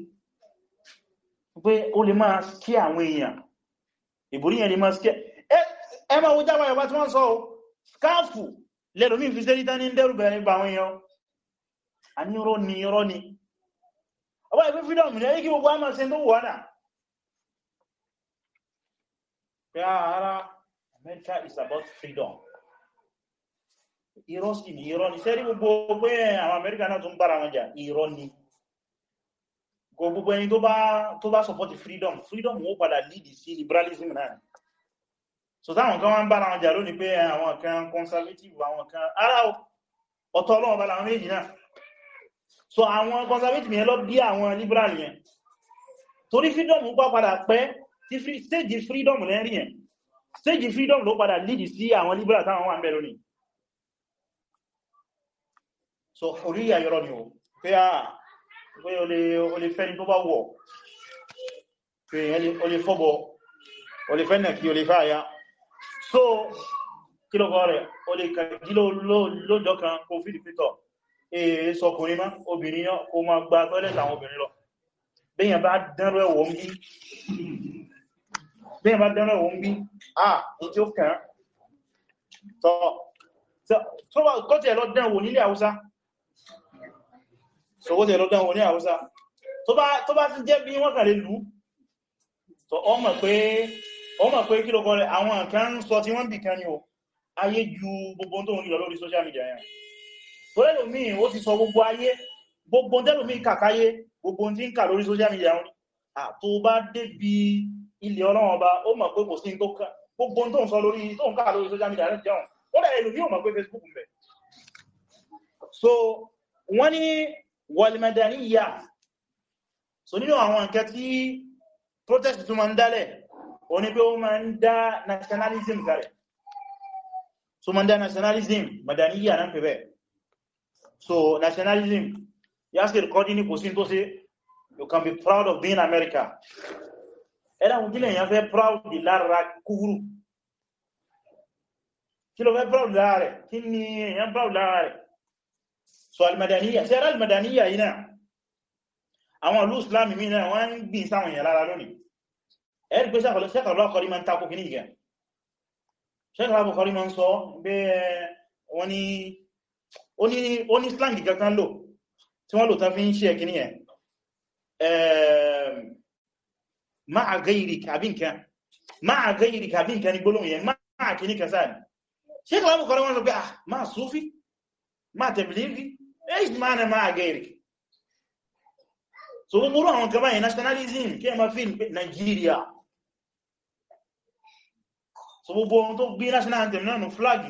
pé ó lè máa kí àwọn èèyàn ìborí yẹn lè máa kí ẹ ma wo jábà ẹ̀bá tí wọ́n sọ o skáàfù lẹ́lòmí fi sẹ́lítà ní dẹ́rùbẹ̀rẹ̀ nípa àwọn èèyàn a ní rọ́ ni rọ́ ni ọwọ́ ẹgbẹ́ freedom rẹ̀ kí gbogbo a máa America is about freedom irọ́ sí ni irọ́ ni sẹ́rí gbogbo pé àwọn Amẹ́ríkà náà tún bára wọn jà irọ́ ni gbogbo ẹni tó bá support freedom freedom ó padà lead sí liberalism náà so táwọn kan wá ń bára wọn jà lónìí pé àwọn kan conservative àwọn kan ara ọ̀tọ̀ ọlọ́wọ́ bára wọn méjì náà so àwọn conservative yẹn lọ bí àwọn liberal yẹn torí freedom ó padà pẹ́ tí stage freedom lẹ́rìn yẹn stage freedom ló padà lead sí àwọn liberal táwọn wà ń bẹ lónìí so orí ayọ́rọ̀ ni o pé a ah, pé o lè fẹ́ni tó bá wọ̀ pé o lè fọ́bọ̀ o lè kí o lè so kí lọ́kọ́ rẹ̀ o lè kàjí lóòjọ́ kan kó fìdí pítọ̀ èé sọkùnrin má obìnrin náà kó máa gba tọ́lẹ̀tà àwọn obìnrin lọ bẹ́yàn bá dánrọ ẹ̀wọ̀ ń bí ah ní tí ó kàn tọ́ tó wà kọ́tẹ̀ lọ dánwò nílé Haúsá sọwọ́tẹ̀ lọ dánwò ní Haúsá tó bá ti jẹ́ bí wọ́n kà lè lú tọ́ ọmọ pé ọmọ pé kí lọ́kọ́ rẹ̀ àwọn kan ń sọ tí wọ́n bì kan ni o ayé ju gbogbo tó ń rí lọ lórí social media yẹn tó lẹ́lòmí ó ti sọ gbogbo ayé gbogbo tẹ́lòmí kàkáyé gbogbo tí ń kà lórí social media yẹn tó bá débi ilẹ̀ ọlọ́wọ́n ba ó mọ̀ pé kò sí tó kàn gbogbo tó ń sọ lórí tó ń káà lórí social media rẹ̀ jẹun ó rẹ̀ ẹlòmí ò mọ̀ pé Facebook ń bẹ so wọ́n ní wọlìmọ̀dàníyà so nínú àwọn nǹkan tí protest tó máa ń dálẹ̀ ó ní pé ó máa ń dá nationalism kalẹ̀ so máa ń dá nationalism mọ̀dàníyà náà pẹ̀ bẹ́ẹ̀ so nationalism yásìkì kọ́ dín ní kò sí tó sí you can be proud of being America ẹ̀dàkùn kílẹ̀ èyàn fẹ́ proud lára kúrú kí ló fẹ́ proud lára rẹ̀ kí ni èyàn proud lára rẹ̀ so almadaniya sí ara almadaniya yìí náà àwọn olú islam mi náà wọ́n ń gbìn sáwọn èyàn lára lónìí ẹ̀rì pé sẹ́kọ̀ọ́ sẹ́kọ̀ọ́ lọ́kọ̀ọ́rí ma ń takò kìíní ìgẹ̀ sẹ́kọ̀ọ́ lọ́kọ̀ọ́rí ma ń sọ pé eh, wọ́n ni ó ní slang kankan lò tí wọ́n lò tán fi ń ṣe ẹ̀kìní ẹ̀ máa gẹ́yìrì kàbínkà máa gẹ́yìrì kàbínkà ní gbólóhùn yẹn máa kì ní kàsá ní ṣe kàwàá bukọrọ wọn sọ pé ah máa súfí máa tẹ̀bìlìrì eish máa na máa gẹ́yìrì so wọ́n múrú àwọn kaba yẹn nationalism kí ẹ ma fi Nigeria so gbogbo ohun tó gbé national anthem náà nù flag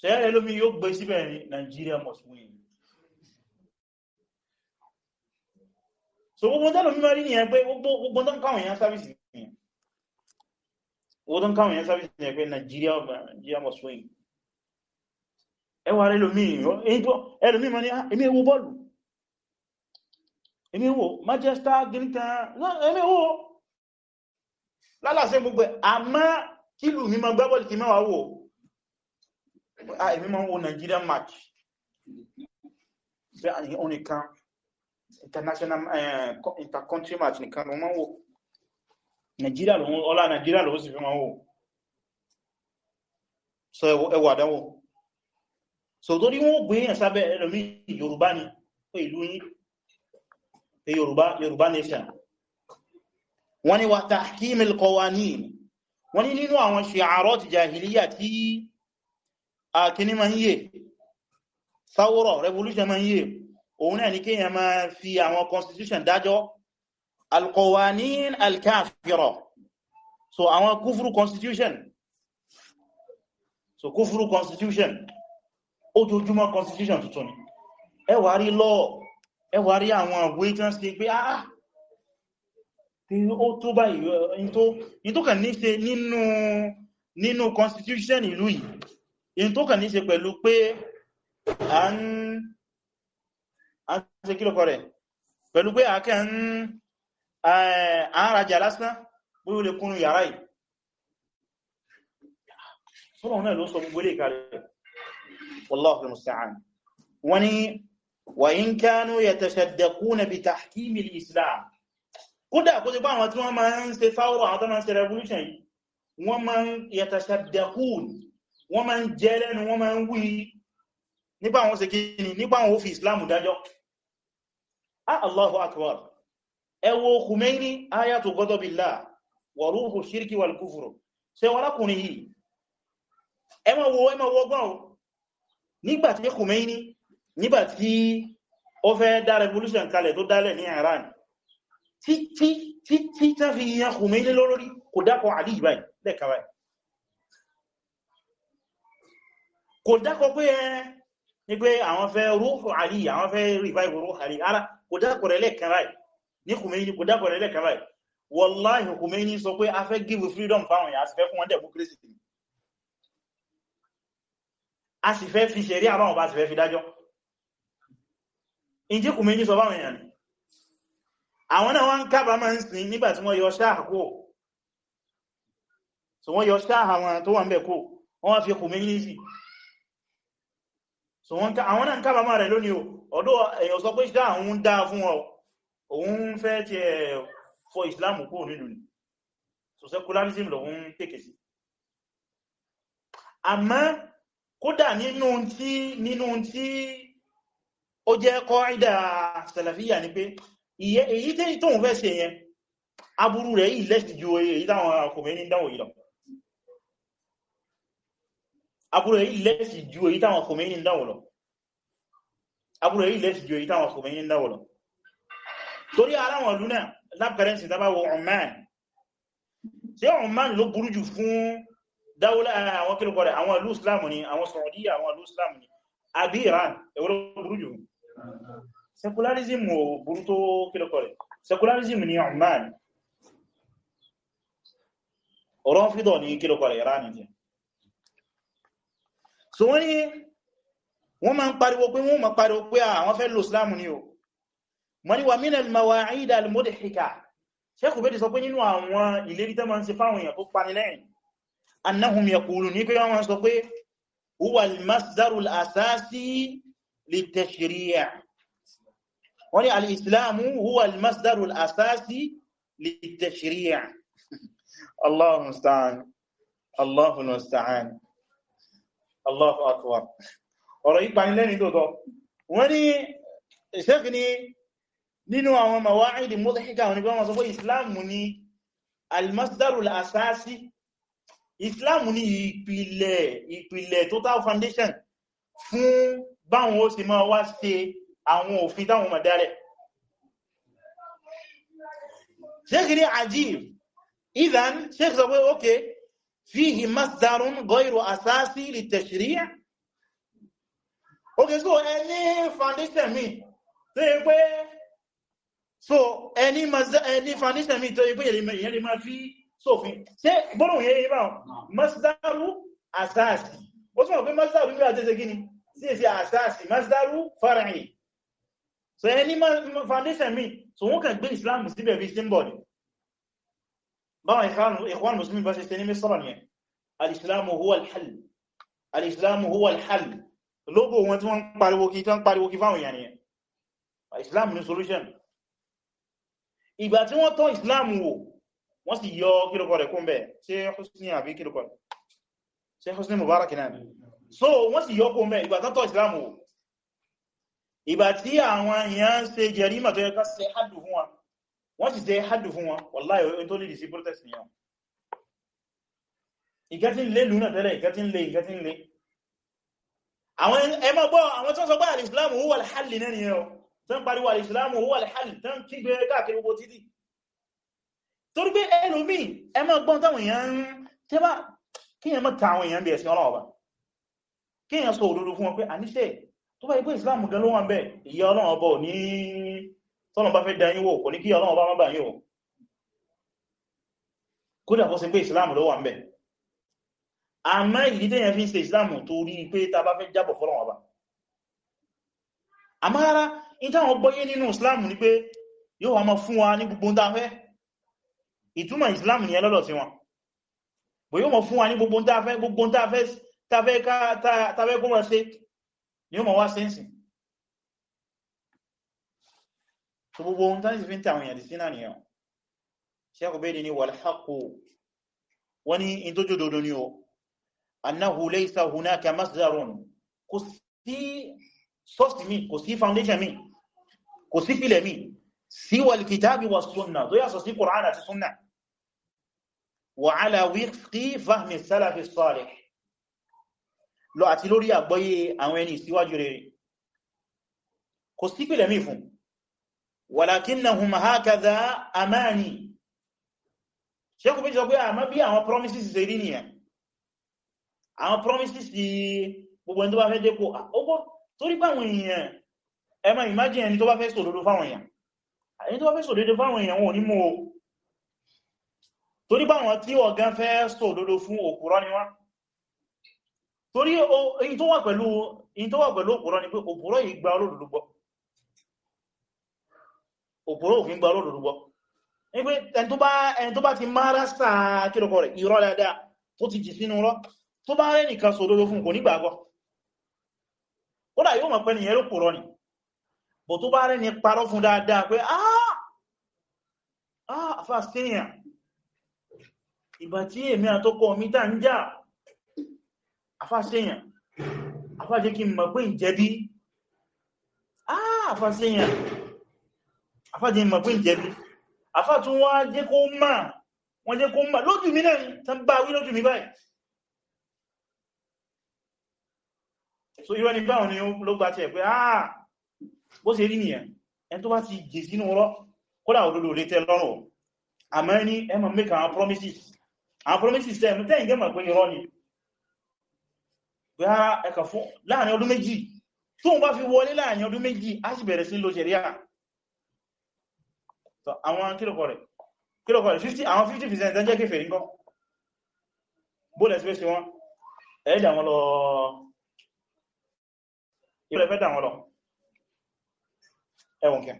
ṣẹ́yẹ́ lómi yóò gbé síbẹ̀ Nigeria must win so gbogbo tẹ́lò mímọ̀ rí nìyẹn pé gbogbo tán káwọn èèyàn sáfíìsì nìyẹn gbogbo tán káwọn èèyàn sáfíìsì nìyẹn pé Nigeria Nigeria must win ẹwà rẹ̀ ẹlòmíì mọ́ ní ah, èmi ewu bọ́ọ̀lù èmi ewu Manchester gíníkan èmi ewu lálàsẹ́ gbogbo àmá kílù mímọ̀ gbábọ́ọ̀lù kí mẹ́wàá wò ah, èmi mọ́ wo Nigeria match bẹ́ẹ̀ ah, àyíkọ́ nìkan international eh, intercountry match nìkan ló máa ń wò nàìjíríà ló ọlá nàìjíríà ló sì fi máa ń wò so ẹwà àdánwò so tó ní wọ́n gbé èèyàn sábẹ́ ẹlòmí yorùbá ni pé ìlú yín pé yorùbá yorùbá nation wọ́n ní wa tahkim al-qawanin wọ́n ní nínú àwọn shi'arat jahiliya tí akíní ma ń yè thawra revolution ma ń yè òun náà ni kí èyàn máa fi àwọn constitution dájọ́ alqawanin alkafira so àwọn kúfúrú constitution so kúfúrú constitution ojoojúmọ́ constitution tuntun ni ẹ wá rí law ẹ wá rí àwọn waiters ti pé ah, ah tí ó tó báyìí in tó kàn ní ṣe nínú constitution ìlú yìí in tó kàn ní ṣe pẹ̀lú pé à ń a ṣe kí lọ́kọ̀ rẹ̀ pẹ̀lú pé àkẹ́ ń àárajà lásán pé ó lè kúnnú yàrá yìí sọ́lọ̀ náà ló sọ gbogbo ilé ìkàrẹ̀ wallahu musta'an wọ́n ni wa in kanu yatashaddaquna bi tahkim al-islam kódà kó ti bá àwọn tí wọ́n máa ń ṣe fáwọ́ Ah, Allahu akbar ẹ wo Khomeini ayatu ghadabillah wa ruhu shirki wal kufru ṣé wọ́n lákùnrin yìí ẹ ma wo ẹ ma wo ọgbọ́n o nígbàtí Khomeini nígbàtí ó fẹ́ dá revolution kalẹ̀ tó dálẹ̀ ní Iran títí títí tá fi yíyan Khomeini lórí kò dákọ̀ àlì ìbáyìí lẹ́kàwáyìí kò dákọ̀ pé ẹ ní pé àwọn fẹ́ ruhu àlì àwọn fẹ́ revive ruhu àlì ara kò dákọ̀ rẹ̀ lẹ́ẹ̀kan báyìí ní Khomeini kò dákọ̀ rẹ̀ lẹ́ẹ̀kan báyìí wallahi Khomeini sọ pé a fẹ́ give freedom fáwọn èèyàn a sì fẹ́ fún wọn democracy a sì fẹ́ fi ṣẹ̀rí àbáwọn bá sì fẹ́ fi dájọ́ ǹjẹ́ Khomeini sọ fáwọn èèyàn àwọn náà wọ́n kábàámọ̀ ń sin nígbà tí wọ́n yọ ṣáà kó so wọ́n yọ sha àwọn tó wà ń bẹ̀ kó wọ́n fi Khomeini sí so wọn àwọn náà ń kábàámọ̀ rẹ̀ lónìí o ọ̀dọ̀ èèyàn sọ pé ṣá àwọn ń dá fún ọ òun fẹ́ ti ẹ̀ fọ islam kúrò nílùú ni so secularism lọ ń tèkè sí àmọ́ kódà nínú tí nínú tí ó jẹ́ kọ́ ìdá sàlàfíyà ni pé èyí tí tóun fẹ́ ṣe yẹn aburú rẹ̀ yìí lẹ́sì ju èyí táwọn kòmẹ́ ní dáwọ̀ yìí lọ aburú èyí lẹ́sì ju èyí táwọn Khomeini dáwọ̀lọ̀ aburú èyí lẹ́sì ju èyí táwọn Khomeini dáwọ̀lọ̀ torí aláwọn lúnà lápẹrẹnsì dábáwọ̀ Oman tí Oman ló burú jù fún dáwọ́lá eh, àwọn kílùkọ́ rẹ̀ àwọn ìlú Islam ni àwọn Saudi àwọn ìlú Islam ni àbí Iran èwo ló burú jù secularism ò burú tó kílùkọ́ rẹ̀ secularism ni Oman Rafida ni kílùkọ́ rẹ̀ Iran ni so wọ́n ní wọ́n máa ń pariwo pé wọ́n máa pariwo pé ah, àwọn fẹ́ lò islam ni o wọ́n ní wà min al-mawa'id al-mudhika sẹ́kù bẹ́ẹ̀ sọ pé nínú àwọn ìlérí tẹ́ máa ń ṣe fáwọn èèyàn tó Allahu musta'an Allahu musta'an Allahu akbar ọ̀rọ̀ yìí pani lẹ́rin tó tọ́ wọ́n ní ṣẹ́kì ní nínú àwọn mawa'idi mudhika wọn ni bí wọ́n sọ pé islam ni almasdarul asasi islam ni ìpìlẹ̀ ìpìlẹ̀ total foundation fún báwọn ó sì máa wá ṣe àwọn òfin táwọn mọ̀ dárẹ̀ ṣẹ́kì ní ajib idan ṣẹ́kì sọ pé okay فيه مصدر غير أساسي للتشريع okay so any foundation mi tó yẹ pé so any any foundation mi tó yẹ pé yẹn lè máa fi sófin ṣe gbọ́nà yẹ yẹ báwọn masdaru asasi ó túnmọ̀ pé masdaru ní àjẹ́sẹ̀ gíní sí èsì asasi masdaru far'i so any foundation mi so wọ́n kàn gbé Islam síbẹ̀ bí symbol báwọn ikhwan muslimin bá ṣe ṣe ní mísọ́rọ̀ ni alìsìláàmù huwa alhal alìsìláàmù huwa alhal lógo wọn tí wọ́n pariwo kí tán pariwo kí fáwọn èèyàn yẹn alìsìláàmù ní solution ìgbà tí wọ́n tọ́ ìsìláàmù wò wọ́n sì yọ kílùkọ́ rẹ̀ kún bẹ̀ ṣe husni àbí kílùkọ́ rẹ̀ ṣe husni mubarak náà so wọ́n sì yọ kún bẹ̀ ìgbà tán tọ́ ìsìláàmù wò ìgbà tí àwọn èèyàn ṣe jẹ̀rí màtọ́ yẹ ká ṣe hàdù fún wọn wọ́n sì tẹ́ hajjù fún wọn wallahi ohun tó lè dì sí protest ni wọn ìkẹ́ tí ń lé lúnà tẹ́lẹ̀ ìkẹ́ tí ń lé ìkẹ́ tí ń lé àwọn ẹmọ́ gbọ́ àwọn tó ń sọ pé al-Islam huwa al-hal náà ni ẹ̀rọ tó ń pariwo al-Islam huwa al-hal tó ń kígbe káàkiri gbogbo títì torí pé ẹlòmí ẹmọ́ gbọ́n táwọn èèyàn ń tẹ́bà kí èèyàn mọ́ta àwọn èèyàn bí ẹ̀sìn ọlọ́wọ́ bá kí èèyàn sọ òdodo fún wọn pé àníṣẹ́ tó bá ipò Islam gan ló wà ń bẹ̀ ìyá ọlọ́wọ́ tọ́nà bá fẹ́ dá yín wò kò ní kí Ọlọ́run bá má bà yín o kódà kó ṣe pé Islam ló wà ń bẹ̀ àmọ́ ìdí tẹ́yẹn fi ń ṣe Islam torí pé ta bá fẹ́ jábọ̀ fọ́lọ́run ọba àmọ́ rárá in táwọn gbọ́yé nínú Islam ni pé yóò wá máa fún wa ní gbogbo ń dáfẹ́ ìtumọ̀ Islam ni ẹlọ́dọ̀ sí wọn bò yóò máa fún wa ní gbogbo ń dáfẹ́ gbogbo ń dáfẹ́ tafẹ́ kó máa ṣe ni ó máa wá sẹ́nsìn so gbogbo ohun tán sì fi ń tàwọn èèyàn sí náà nìyàn ṣẹ́kù bẹ́ẹ̀ ni wàlhaqu wọ́n ní in tó jò dodo ni o annahu laysa hunaka masdarun kò sí source mi kò sí foundation mi kò sí filẹ̀ mi siwa al-kitabi wa sunna tó yà sọ sí Qur'an àti sunna wa ala wifqi fahmi salafi salih lọ àti lórí àgbọ́yé àwọn ẹni ìsíwájú rere kò sí pìlẹ̀ mí walakinnahum hakadha amani ṣekú bí sọ pé àmọ́ bí àwọn promises ṣe rí nìyàn àwọn promises ti gbogbo ẹni tó bá fẹ́ dé kó ọgbọ́ torí pàwọn èèyàn ẹ máa imagine ẹni tó bá fẹ́ sòdodo fáwọn èèyàn ẹni tó bá fẹ́ sòdodo fáwọn èèyàn wọn ò ní mọ̀ o torí pàwọn tí ọ̀gán fẹ́ sòdodo fún òpùrọ́ ni èyí tó wà pẹ̀lú òpùrọ́ ni pé òpùrọ́ yìí gba olódodo gbọ́ òpòrò òfin gbà lọ́dọ̀ lọ́gbọ́ wípé ẹni tó bá ti mara saa kílùkọ rẹ̀ irọ́ dáadáa tó ti jì sínú rọ́ tó bá rẹ̀ nìkan sòdodo fún kò nígbàgbọ́ ó dà yíò mọ̀ pé nìyẹn ló ni bò tó bá rẹ̀ ní parọ́ fún dáadáa pé ah! Ah! afájẹ́ mọ̀ pé ń jẹ̀bi afá tún wá jẹ́ kó mọ̀ wọ́n jẹ́ kó mọ̀ lójú mi náà tán bá wí lójú mi báyìí so irọ́ ni báwọn ni ló gbá tẹ́ pé àà bó ṣe rí nìyàn ẹn tó bá ti jì sínú rọ́ kódà òdodo lè tẹ́ lọ́rùn àmọ́ ní ẹmọ make àwọn promises àwọn promises tẹ́ tẹ́ ìgbẹ́ mọ̀ pé irọ́ ni pé àà fún láàrin ọdún méjì tóun bá fi wọlé láàrin ọdún méjì á sì bẹ̀rẹ̀ sí lo àwọn kílòkọ̀ rẹ̀ kílòkọ̀ rẹ̀ 50 àwọn 50 percent tán jẹ́ kéfèé ńkọ́ bóòlẹ̀ sí pé sí wọ́n ẹ̀ẹ́dà wọn lọ ìrẹ̀ fẹ́ dà wọn lọ ẹwọ̀n kẹ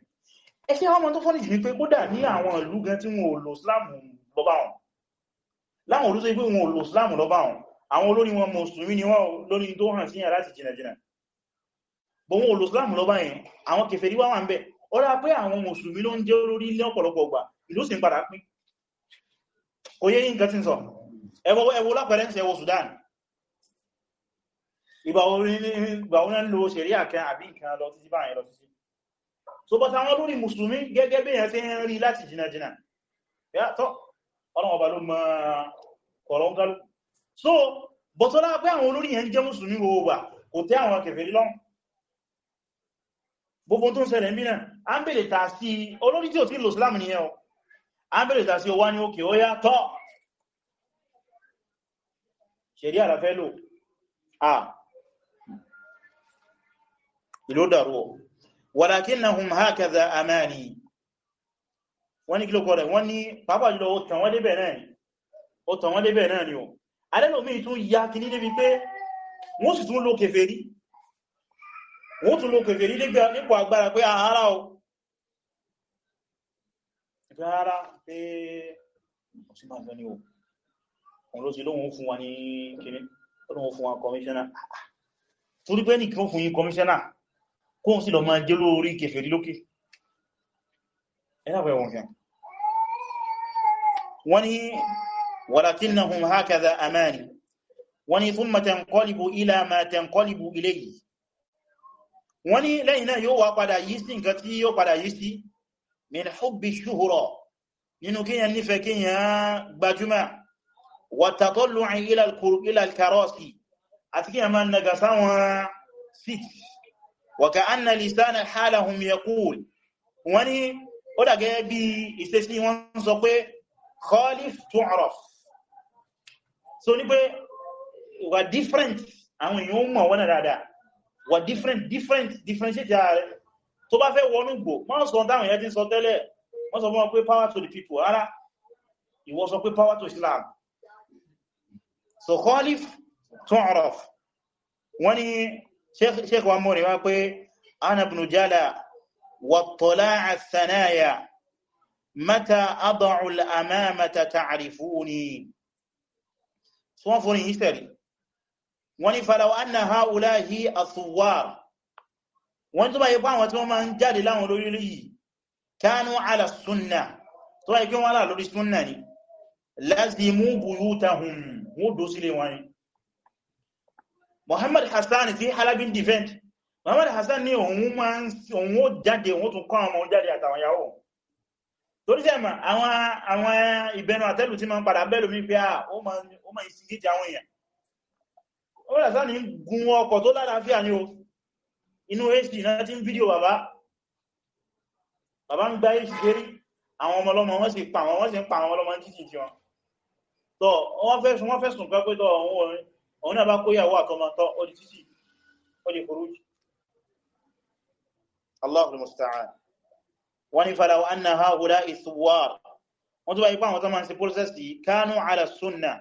ẹ̀ṣẹ́ ọmọ tó fọ́nìjì ní pé kódà ní àwọn ìlú gan tí wọn ò lò Ìsìlámù lọ́bá wọn láwọn olóso pé wọn ò lò Ìsìlámù lọ́bá wọn àwọn olórí wọn mùsùlùmí ni wọ́n lórí tó hàn síyàn láti jìnàjìnà bọ̀ wọn ò lò Ìsìlámù lọ́bá yẹn àwọn kèfèrí wá wà ń bẹ́ẹ̀ ọlá pé àwọn mùsùlùmí ló ń jẹ́ olórí ní ọ̀pọ̀lọpọ̀ ọgbà ìlú sì ń padà pín kò yé nǹkan tí ń sọ ẹwọ lápẹẹrẹ ń ṣe ẹwọ Sudan ìgbà orin ń lo ṣẹ̀ríà kan àbí nǹkan lọ títí báyìí lọ títí so bọ́ táwọn lórí mùsùlùmí gẹ́gẹ́ bí yẹn ti ń rí láti jìnnàjìnnà yàtọ̀ ọlọ́run ọba ló mọ ọ̀rọ̀ gálù so bọ́tọ́lá pé àwọn olórí gbogbo tó ń ṣẹlẹ̀ mìíràn a ń bèèrè tà sí olórí tí ò tí lò sílámù ní ẹ̀họ́ a ń bèèrè tà sí owá ní òkè ó yá tọ́ ṣẹ̀rí àlàfẹ́ lò à ìlú dàrúwọ̀ walakinnahum hakadha amani wọ́n ní kí ló kọ́ rẹ̀ wọ́n ní pàápàá jùlọ ó tàn wọ́n débẹ̀ náà ni wọ́n tún ló kèfèrí nípò agbára pé ààrá ah, o gbára pé ọ̀símà lọ ní o wọ́n ló ti lóhun fún wa ní kìíní lóhun fún wa kọmíṣẹ́nà torí pé ní kí wọ́n fún yí kọmíṣẹ́nà kóhun sí lọ máa jẹ́ lórí kèfèrí lókè ẹ̀yàwó ilayhi wọ́n ní lẹ́yìn náà yóò wá padà yìí sí nǹkan tí yóò padà yìí sí min hubbi shuhura nínú kíyàn nífẹ̀ẹ́ kíyàn gbajúmọ̀ wa tatallu'i ila al-karasi àti kíyàn máa nàgà sáwọn sit wa ka'anna lisana halahum wọ́n ní ó dàgẹ́ bí ìsẹ́sí wọ́n sọ pé khalif tu'raf so ní pé wà different àwọn èèyàn mọ̀ wọ́n dáadáa wà different different differentiate ààrẹ tó bá fẹ́ wọnú gbò máa sọ dáwọn ìyẹ́ tí sọ tẹ́lẹ̀ wọ́n sọ fún pé power to the people ara ìwọ sọ pé power to Islam so khalif tu'raf wọ́n ni sheikh wa mọ́rin wá pé ana ibn jala wa tala'a thanaya mata ad'u al-amamata ta'rifuni so wọ́n fún ní history wọ́n ní falaw anna haulahi athuwar wọ́n tó bá yẹ fáwọn tí wọ́n máa ń jáde láwọn olórílẹ̀ yìí kánú ala sunna tó bá yẹ kí wọ́n wà lórí sunna ni lazimu buyutahum wọ́n dó sílé wọn ni Muhammad Hassan ti halabin defend Muhammad Hassan ní òun ó jáde òun tún kọ́ ọmọ jáde àtàwọn yàwó torí sẹ́mà àwọn ìbẹnu àtẹ́lù tí máa padà bẹ́lù mi pé à ah, ó máa ń ọ̀rẹ́ sáà ní gun ọkọ̀ tó lálàáfíà ní o inú hd náà ti ń fídíò bàbá bàbá ń gbá hd kéré àwọn ọmọlọ́mọ wọ́n sì pa àwọn wọ́n sì ń pa àwọn ọmọlọ́mọ títì tí wọn tọ́ wọ́n fẹ́ sùn wọ́n fẹ́ sùn pẹ́pẹ́ tọ́ ọ̀hún orin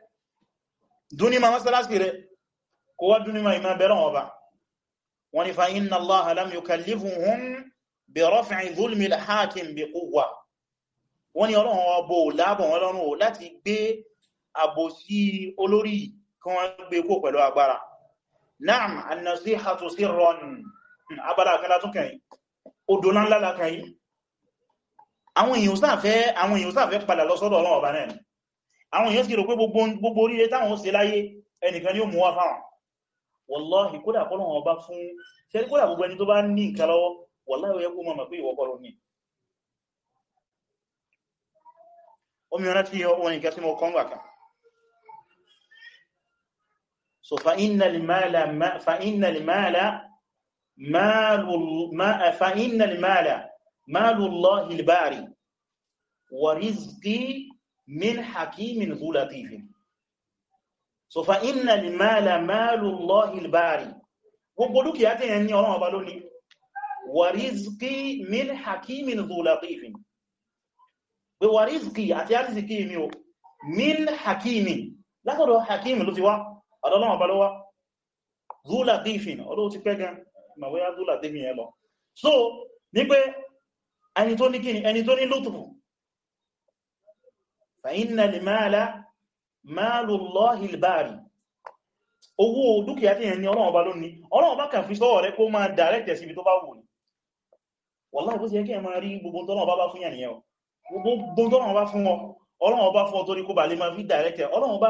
dúnímà mọ́sálásí rẹ̀ kó wá dúnímà ìmá bẹ̀rẹ̀ wọn bá wọn ni fa inna Allaha lam yukallifuhum bi raf'i zulmi al-hakim bi quwwa wọ́n ni ọlọ́run ọbọ̀ lábọ̀ wọn lọ́rùn láti gbé àbòsí olórí kan gbé kó pẹ̀lú agbára na'am an-nasihatu sirran abára kan látún kẹrin odò àwọn èèyàn sáfẹ́ padà lọ sọ́dọ̀ ọlọ́run náà àwọn èèyàn sì rò pé gbogbo oríire táwọn ṣe láyé ẹnìkan ni ó mú wá fáwọn wallahi kódà kọ́lọ̀wọ̀n ọba fún ṣẹ́rí kódà gbogbo ẹni tó bá ní nǹkan lọ́wọ́ wallahi ó yẹ kó mọ̀ pé min hakimin zu latifin so fa inna al mala malu allahi al bari gbogbo dúkìá tí yẹn ní Ọlọ́run ọba lónìí wa rizqi min hakimin zu latifin pé wa rizqi àti arziki mi o min hakimin látọ̀dọ̀ hakimin ló ti wá ọ̀dọ̀lọ́wọ̀n ọba ló wá zu latifin ọdọ́ ti pẹ́ gan màwẹ́ zu latifin yẹn lọ so ní pé ẹni tó ní kíni ẹni tó ní lótùfù فإن المال مال الله الباري owó dúkìá tí owu ọlọ́run bá ló ní ọlọ́run ọba kàn fi sọ́wọ́ rẹ kó máa dàrẹ́tẹ̀ síbi tó bá wù ní wọ́lá sí rí gbogbo fún gbogbo ọ ọlọ́run bá fún ọ bà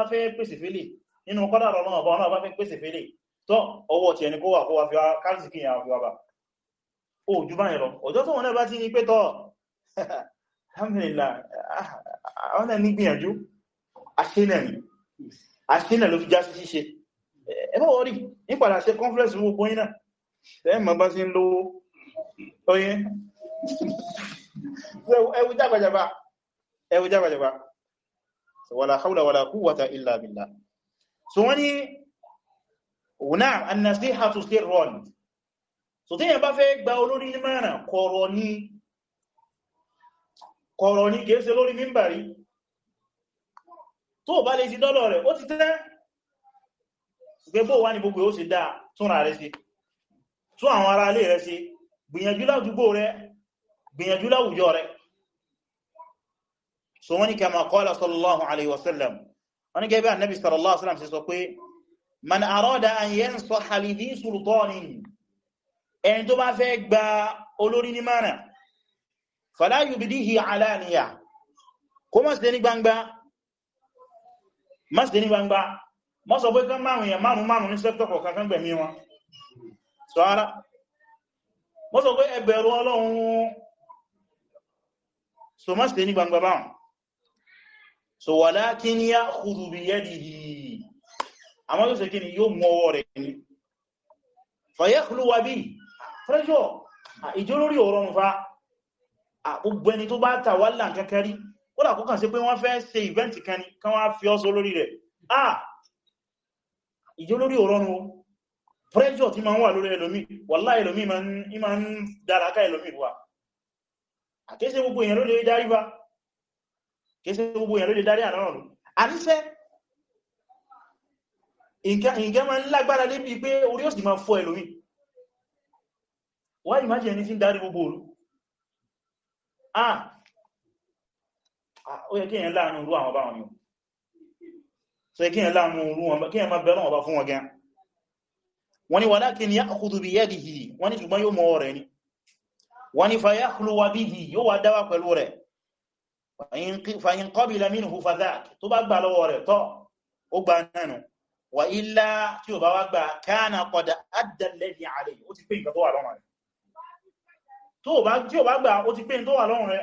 fi fi alhamdulillah ah, àwọn náà nígbìyànjú àṣínà ni àṣínà ló fi já sí ṣíṣe ẹgbẹ́ orí nípadà ṣe conference gbogbo yínà tẹ́ẹ̀mọ̀ bá sí ń lówó oye ẹwù jágbàjàbà ẹwù jágbàjàbà wala hawla wala quwwata illa billah so wọ́n ni wùnà annasihatu sirrun so tí yẹn bá fẹ́ gba olórin ní mẹ́rin kọ̀rọ̀ ní kọ̀rọ̀ ní kèése lórí mímbàrí tó bá lè sí dọ́lọ̀ rẹ̀ ó ti tẹ́ gbẹ́bọ́ wá ní gbogbo ó sì dáa túnra rẹ̀ sí tún àwọn ará ilé rẹ̀ sí gbìyànjú láwùjọ rẹ̀ gbìyànjú láwùjọ rẹ̀ so wọ́n ni kama qala sallallahu alaihi wasallam ni gẹ́gẹ́ fàlá yubdihi aláníyà kó má ṣe ní gbangba má ṣe ní gbangba má sọ pé kán márùn èèyàn márùn márùn ní sẹ́pítọ̀ kọ̀ọ̀kan kan gbẹ̀mí wọn sọ ara má sọ pé ẹbẹ̀rù ọlọ́run so má ṣe ní gbangba báwọn so walakin fa yakhlu wa bihi fẹ́jọ́ fa gbogbo ẹni tó bá tàwálà kankan rí kódà kó kàn sí pé wọ́n fẹ́ ṣe ìvẹ́ntì kan ní kan wá fi ọ́sọ lórí rẹ̀ ah ìjọ lórí òrọ́nu pressure tí ma ń wà lórí ẹlòmí wàlá ẹlòmí ma ń dára ká ẹlòmí wà àkéṣe gbogbo èèyàn ló lè dárí bá kéṣe gbogbo èèyàn ló lè dárí àrán ọ̀rùn àníṣẹ́ nǹkan ma ń lágbára débi pé orí ó sì ma fọ́ ẹlòmí wá ìmájẹ̀ ní sí ń dárí gbogbo òru Ah. ah ó yẹ kí èyàn láàánú irú àwọn báwọn yóò so yẹ kí èyàn láàánú irú wọn kí èyàn má bẹ̀rẹ̀ wọn bá fún wọn gan wọ́n ni walakin ya'khudhu bi yadihi wọ́n ni ṣùgbọ́n yóò mọ́ ọ̀rẹ́ ni wọ́n ni fa yakhluwa bihi yóò wá dáwà pẹ̀lú rẹ̀ fa in qabila minhu fa tó bá gbà lọ́wọ́ rẹ̀ tọ́ ó gbà nánu wa illa tí ó bá wá gbà kana qad adda tó bá tí ò bá gbà ó ti pé tó wà lọ́rùn rẹ̀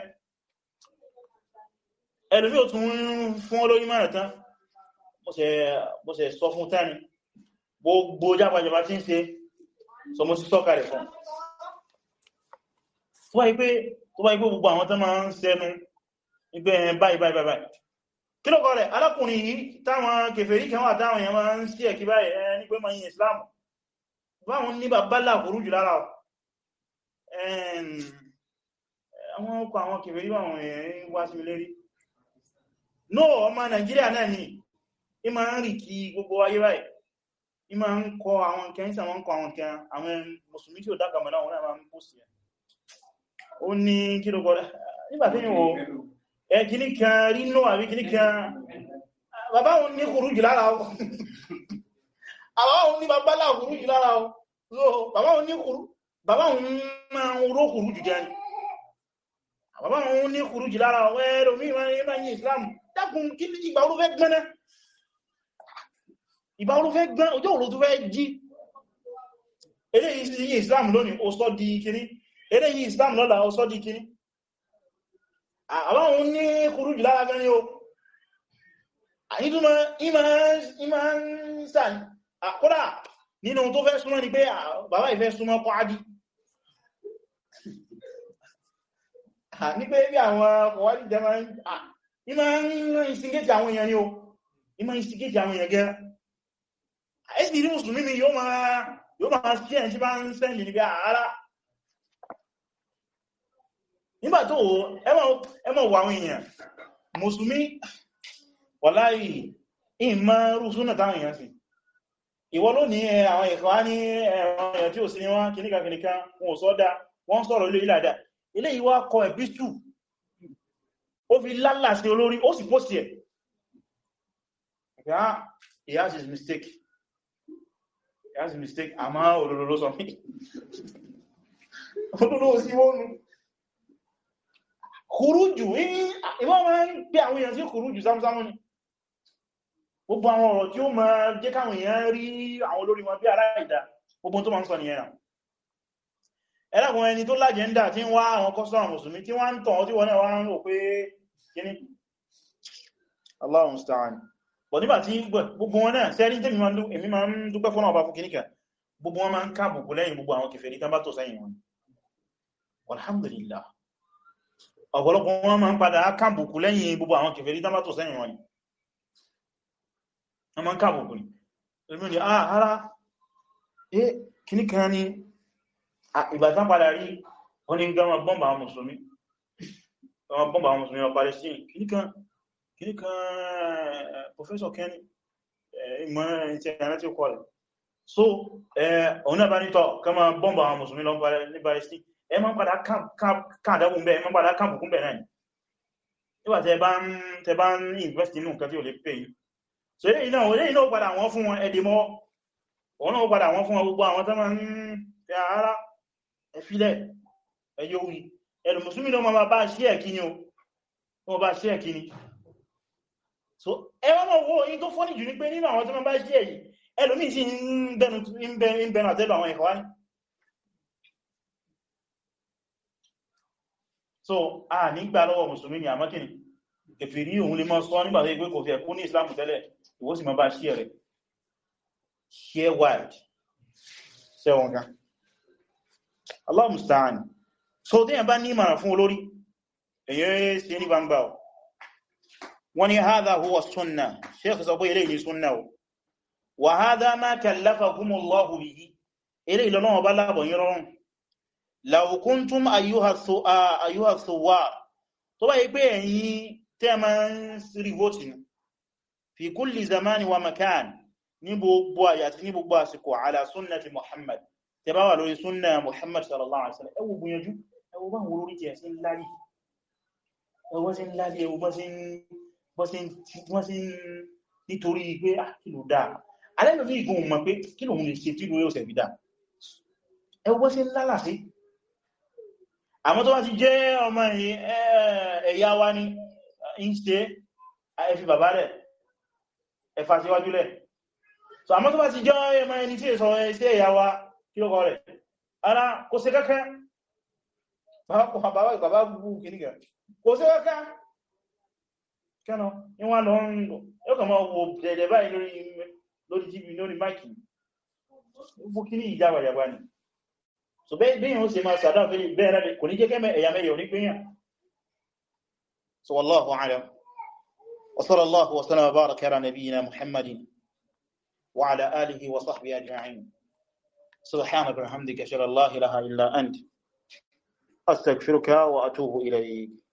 ẹlùmí ò tún fún olóyìn mẹ́rin tán bó ṣe sọ fún tẹ́ni gbogbo jápajọba tí ń ṣe sọ mo sí sọ́kà rẹ̀ fún tó bá ipé gbogbo àwọn tán máa ń sẹ́nu ipé báyìí báyìí báyìí kí lọ́kọ̀ rẹ̀ alákùnrin yìí táwọn kèfèrí kan wà táwọn èèyàn máa ń sí ẹ̀kí báyìí ní pé mọ̀ yìí ìsìláàmù báwọn ní bàbá àwọn ọkọ̀ àwọn kèfèrí àwọn èèyàn wá sí olérí no ọmọ Nàìjíríà náà ni ẹ ma ń rì kí gbogbo ayé báyìí ẹ máa ń kọ àwọn kọ àwọn kẹ́ńsà àwọn mùsùlùmí tí ó dágbàmọ̀ náà wọn náà máa ń pòsì ẹ̀ ó ní kí ló kọ́lá bàbá òun ní bàbá òun máa ń ró kùrú jù jẹ́ ni bàbá òun ní kùrú jù lára ọ̀wẹ́rọ mi wọ́n ní báyìí Islam dákun kí ìgbà orú fẹ́ gbẹ́nẹ́ ìgbà orú fẹ́ gbẹ́n ọjọ́ tó fẹ́ jí eléyìí Islam lónìí ó sọ di kiri Islam lọ́la ó sọ di kiri àwọn òun ní kùrú o àyídúmọ̀ ìmọ̀ ń sàn àkọ́dà nínú tó fẹ́ súnmọ́ ni pé bàbá ìfẹ́ súnmọ́ kọ́ adìí ní pé bí àwọn ọ̀wádìí jẹ́ máa ń ìmọ̀ ń instigate àwọn èèyàn ni o ìmọ̀ instigate àwọn èèyàn gẹ́ ẹ̀sì ní mùsùlùmí mi yóò máa sí ẹ̀ tí bá ń sẹ́ndì ní bí ara ah, nígbà tó ẹmọ̀ wà àwọn èèyàn mùsùlùmí wàláhì ìmọ̀ rúsúnà táwọn èèyàn sí ìwọ ló ilé ìwá kọ ẹ̀bísù ó fi lálà sí olórí ó sì pósì ẹ̀ ah, he has his mistake he has his mistake àmá òdòdó ló sọ mí òdòdó sí wónú kùrújù ìwọ́n máa ń pẹ àwọn èèyàn sí kùrújù sámsámú ni gbogbo àwọn ọ̀rọ̀ tí ó máa jẹ́ káwọn èèyàn rí àwọn olórí wọn bí ará ìdá gbogbo tó máa ń sọ nìyẹn ẹlẹ́kùn ẹni tó lájẹ́ndà tí wá àwọn kọ́sọ̀rọ̀ mùsùlùmí tí wọ́n ń tàn tí wọ́n náà wọ́n ń rò pé kíní Allahumma musta'an bọ̀ nígbà tí gbogbo wọn náà sẹ́rí tí èmi máa ń dúpẹ́ ọba gbogbo wọn máa ń káàbùkù lẹ́yìn gbogbo àwọn kèfèrí ni ìgbàtán padà rí wọ́n ní gbọ́mọ̀ bọ́m̀bà àwọn mùsùlùmí wọ́n bọ́m̀bà àwọn mùsùlùmí wọ́n palestine kìníkan kìníkan professor kenny ìmọ̀ ìtẹ̀yàná tí kọ́ rẹ̀ so ọ̀nà bá nítọ̀ kama bọ́m̀bà àwọn mùsùlùmí lọ ní palestine ẹ ma ń padà káàdàgùn bẹ́ẹ̀ ẹ ma ń padà káàkùn bẹ́ẹ̀ náà nígbà so eléyìí náà eléyìí náà padà wọ́n fún wọn ẹ̀dìmọ́ ọ̀nà padà wọ́n fún wọn àwọn tó máa ń fi ara ẹ̀fílẹ̀ ẹ̀yẹ orin ẹ̀lù mùsùlùmí náà ma bá ṣí ẹ̀kíní o ma bá ṣí ẹ̀kíní so ẹwọ́n owó yí tó fọ́nì jù ní pé nínú àwọn tó ma bá ṣí ẹ̀yí ẹlòmí sí ń bẹnu àtẹ́lù àwọn ẹ̀kọ́ wáyé so a nígbà lọ́wọ́ mùsùlùmí ni àmọ́kìnì kèfèrí òun lè máa sọ nígbà tó yẹ pé kò fẹ́ kú ní ìsìlámù tẹ́lẹ̀ ìwọ́sì ma bá ṣí ẹ̀rẹ̀ share wide ṣẹ́wọ̀n kan Allahu musta'an so téèyàn bá ní ìmọ̀ràn fún olórí èyàn ṣe ní gbangba o wọ́n ní hadha huwa sunna sheikh sọ pé ilé ìní sunna o wa hadha ma kallafakum Allahu bihi ilé ìlọ́nà ọba lábọ̀ yín rọrùn law kuntum ayyuha thuwar tó bá yí pé ẹ̀yin tẹ́ ma ń rí vóòtì fi kulli zamani wa makan ní gbogbo àyàtí ní gbogbo àsìkò ala sunnati Muhammad tẹ bá wà lórí súnnà Muhammad sallallahu alaihi wasallam ẹwọ gbìyànjú ẹwọ bá wọ́n orí tẹ̀ sí láyé ẹwọ sí láyé ẹwọ bọ́ sí nítorí pé àkílò ah, dáa alẹ́lò ní ìgùn mọ̀ pé kí lòun lè ṣe tí lórí ọ̀sẹ̀ bí dáa àmọ́ tó bá ti jẹ́ ọmọ ẹ̀yà wa ní ìṣe ẹfì bàbá rẹ̀ ẹfà síwájú lẹ̀ so àmọ́ tó bá ti jẹ́ ọmọ ẹni tí èsọ ẹ̀yà wa kí ló kọ́ rẹ̀ ara kò sí kẹ́kẹ́ bàbá gbogbo kìníkà kò sí kẹ́kẹ́ kẹ́nà níwọ́n lọ ń lọ yóò kàn máa wo jẹ̀jẹ̀ báyìí lórí jíbi lórí máìkì gbogbo kìní ìjábàjábá ni so bẹ́yìn ó sì máa sàdá fẹ́ bẹ́ẹ̀rẹ́ kò ní jẹ́ kẹ́mẹ́ على نبينا محمد وعلى آله وصحبه أجمعين. سبحانك وبحمدك أشهد أن لا إله إلا أنت أستغفرك وأتوب إليك